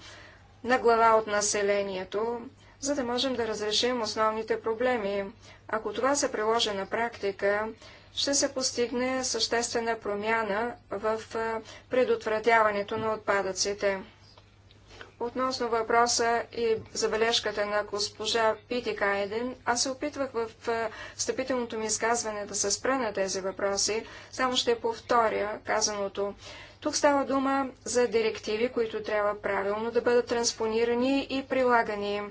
на глава от населението, за да можем да разрешим основните проблеми. Ако това се приложи на практика, ще се постигне съществена промяна в предотвратяването на отпадъците. Относно въпроса и забележката на госпожа Пити Кайден, аз се опитвах в встъпителното ми изказване да се спра на тези въпроси, само ще повторя казаното. Тук става дума за директиви, които трябва правилно да бъдат транспонирани и прилагани.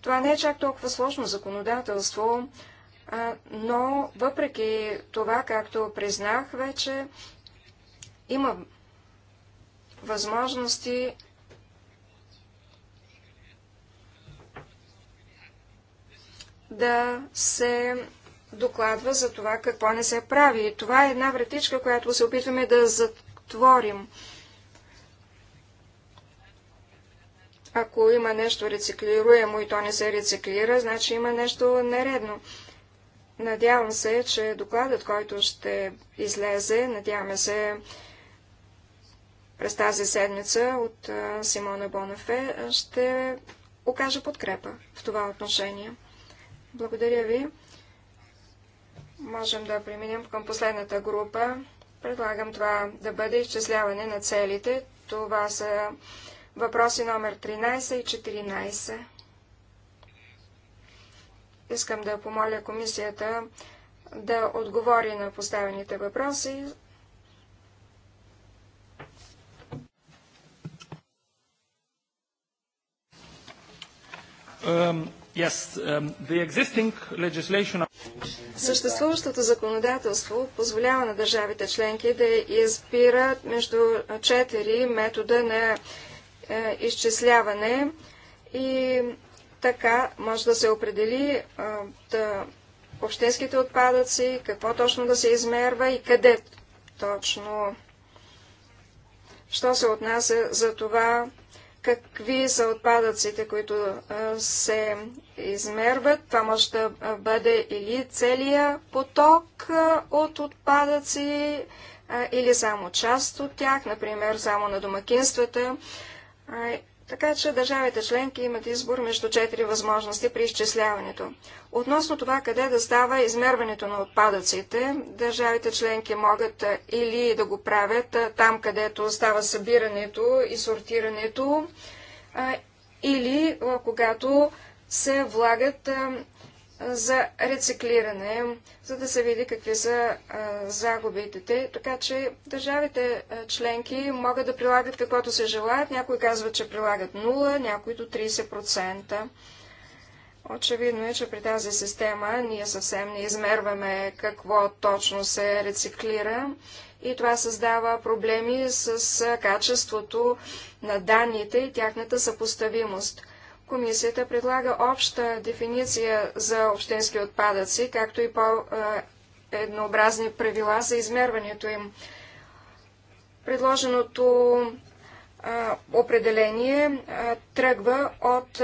Това не е чак толкова сложно законодателство, но въпреки това, както признах вече, има възможности да се докладва за това какво не се прави. И това е една вратичка, която се опитваме да затворим. Ако има нещо рециклируемо и то не се рециклира, значи има нещо нередно. Надявам се, че докладът, който ще излезе, надяваме се през тази седмица от Симона Бонафе, ще окаже подкрепа в това отношение. Благодаря ви. Можем да преминем към последната група. Предлагам това да бъде изчисляване на целите. Това са въпроси номер 13 и 14. Искам да помоля комисията да отговори на поставените въпроси. Um, Um, Съществуващото законодателство позволява на държавите членки да избират между четири метода на е, изчисляване и така може да се определи е, да, общинските отпадъци, какво точно да се измерва и къде точно. Що се отнася за това, какви са отпадъците, които се измерват. Това може да бъде или целия поток от отпадъци, или само част от тях, например само на домакинствата, така че държавите членки имат избор между четири възможности при изчисляването. Относно това къде да става измерването на отпадъците, държавите членки могат или да го правят там, където става събирането и сортирането, или когато се влагат за рециклиране, за да се види какви са загубите. Така че държавите членки могат да прилагат каквото се желаят. Някои казват, че прилагат 0, някои до 30%. Очевидно е, че при тази система ние съвсем не измерваме какво точно се рециклира и това създава проблеми с качеството на данните и тяхната съпоставимост. Комисията предлага обща дефиниция за общински отпадъци, както и по-еднообразни правила за измерването им. Предложеното определение тръгва от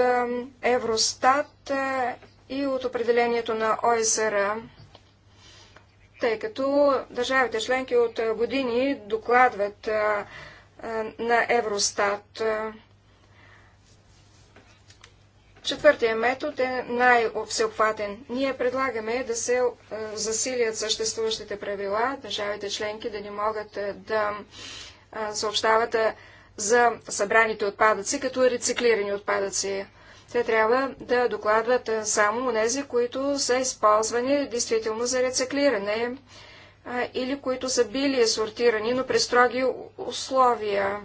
Евростат и от определението на ОСР, тъй като държавите членки от години докладват на Евростат Четвъртия метод е най всеобхватен Ние предлагаме да се е, засилят съществуващите правила, държавите членки да не могат е, да е, съобщават за събраните отпадъци като рециклирани отпадъци. Те трябва да докладват само тези, които са използвани действително за рециклиране или които са били сортирани, но при строги условия.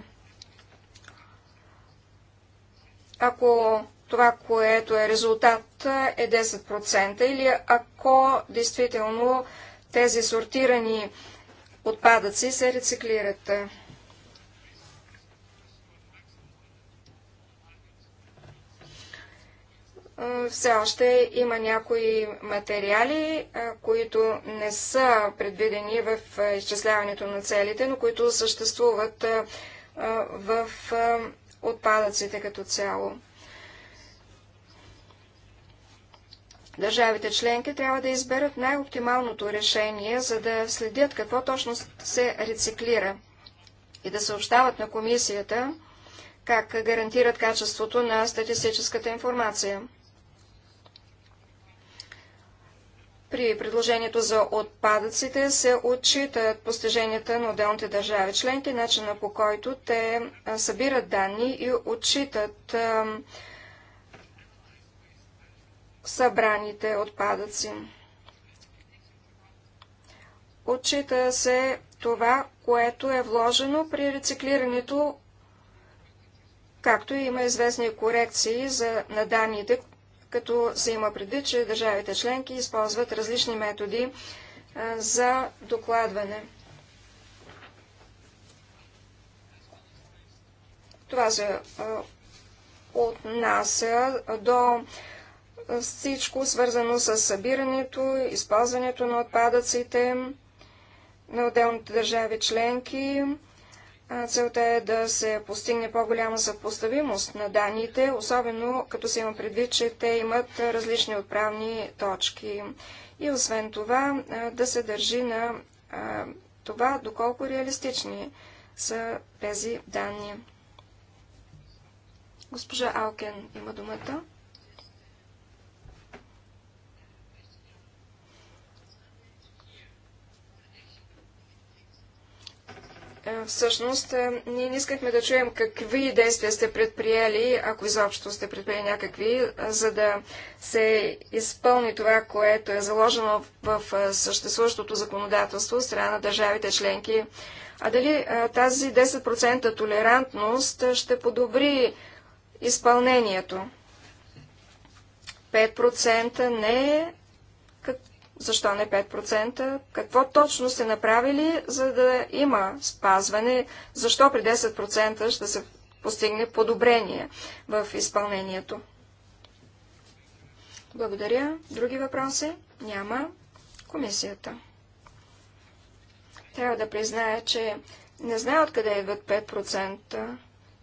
Ако това, което е резултат е 10% или ако действително тези сортирани отпадъци се рециклират. Все още има някои материали, които не са предвидени в изчисляването на целите, но които съществуват в отпадъците като цяло. Държавите членки трябва да изберат най-оптималното решение, за да следят какво точно се рециклира и да съобщават на комисията как гарантират качеството на статистическата информация. При предложението за отпадъците се отчитат постиженията на отделните държави членки, начина по който те събират данни и отчитат събраните отпадъци. Отчита се това, което е вложено при рециклирането, както и има известни корекции за, на данните, като се има предвид, че държавите членки използват различни методи а, за докладване. Това се отнася до всичко свързано с събирането, използването на отпадъците на отделните държави членки. Целта е да се постигне по-голяма съпоставимост на данните, особено като се има предвид, че те имат различни отправни точки. И освен това да се държи на това, доколко реалистични са тези данни. Госпожа Алкен има думата. Е, всъщност е, ние не искахме да чуем какви действия сте предприели, ако изобщо сте предприели някакви, е, за да се изпълни това, което е заложено в съществуващото законодателство страна на държавите членки. А дали тази 10% толерантност ще подобри изпълнението? 5% не е защо не 5%? Какво точно сте направили, за да има спазване? Защо при 10% ще се постигне подобрение в изпълнението? Благодаря. Други въпроси? Няма. Комисията. Трябва да призная, че не знае откъде идват 5%.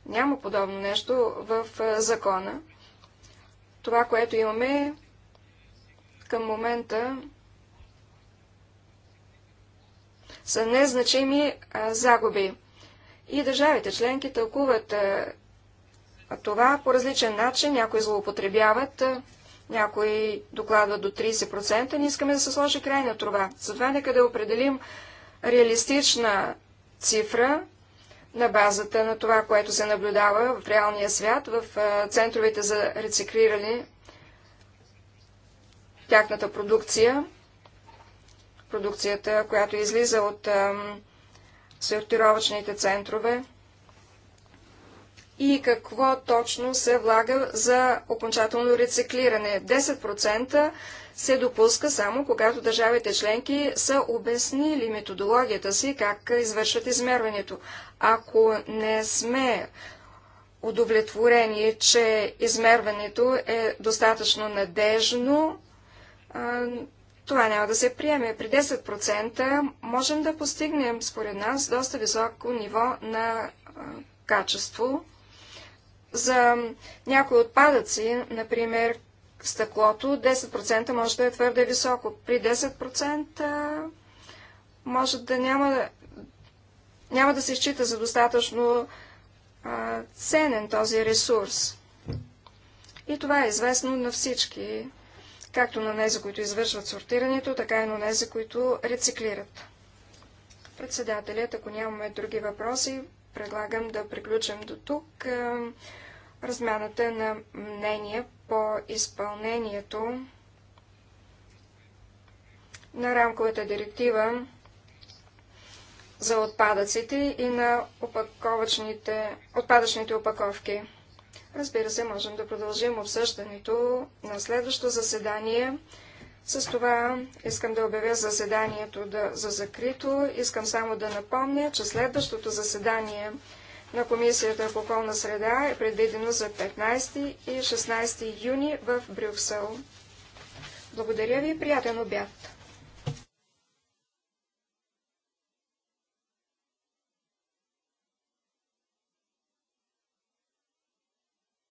Няма подобно нещо в закона. Това, което имаме към момента са незначими загуби. И държавите членки тълкуват това по различен начин. Някои злоупотребяват, някои докладват до 30%. Не искаме да се сложи край на това. Затова нека да определим реалистична цифра на базата на това, което се наблюдава в реалния свят, в центровете за рециклиране, тяхната продукция продукцията, която излиза от сортировъчните центрове и какво точно се влага за окончателно рециклиране. 10% се допуска само когато държавите членки са обяснили методологията си как извършват измерването. Ако не сме удовлетворени, че измерването е достатъчно надежно, това няма да се приеме. При 10% можем да постигнем, според нас, доста високо ниво на а, качество. За някои отпадъци, например, стъклото, 10% може да е твърде високо. При 10% може да няма, няма да се счита за достатъчно а, ценен този ресурс. И това е известно на всички както на нези, които извършват сортирането, така и на нези, които рециклират. Председателят, ако нямаме други въпроси, предлагам да приключим до тук е, размяната на мнение по изпълнението на рамковата директива за отпадъците и на отпадъчните опаковки. Разбира се, можем да продължим обсъждането на следващото заседание. С това искам да обявя заседанието да, за закрито. Искам само да напомня, че следващото заседание на Комисията по околна среда е предвидено за 15 и 16 юни в Брюксел. Благодаря ви и приятен обяд!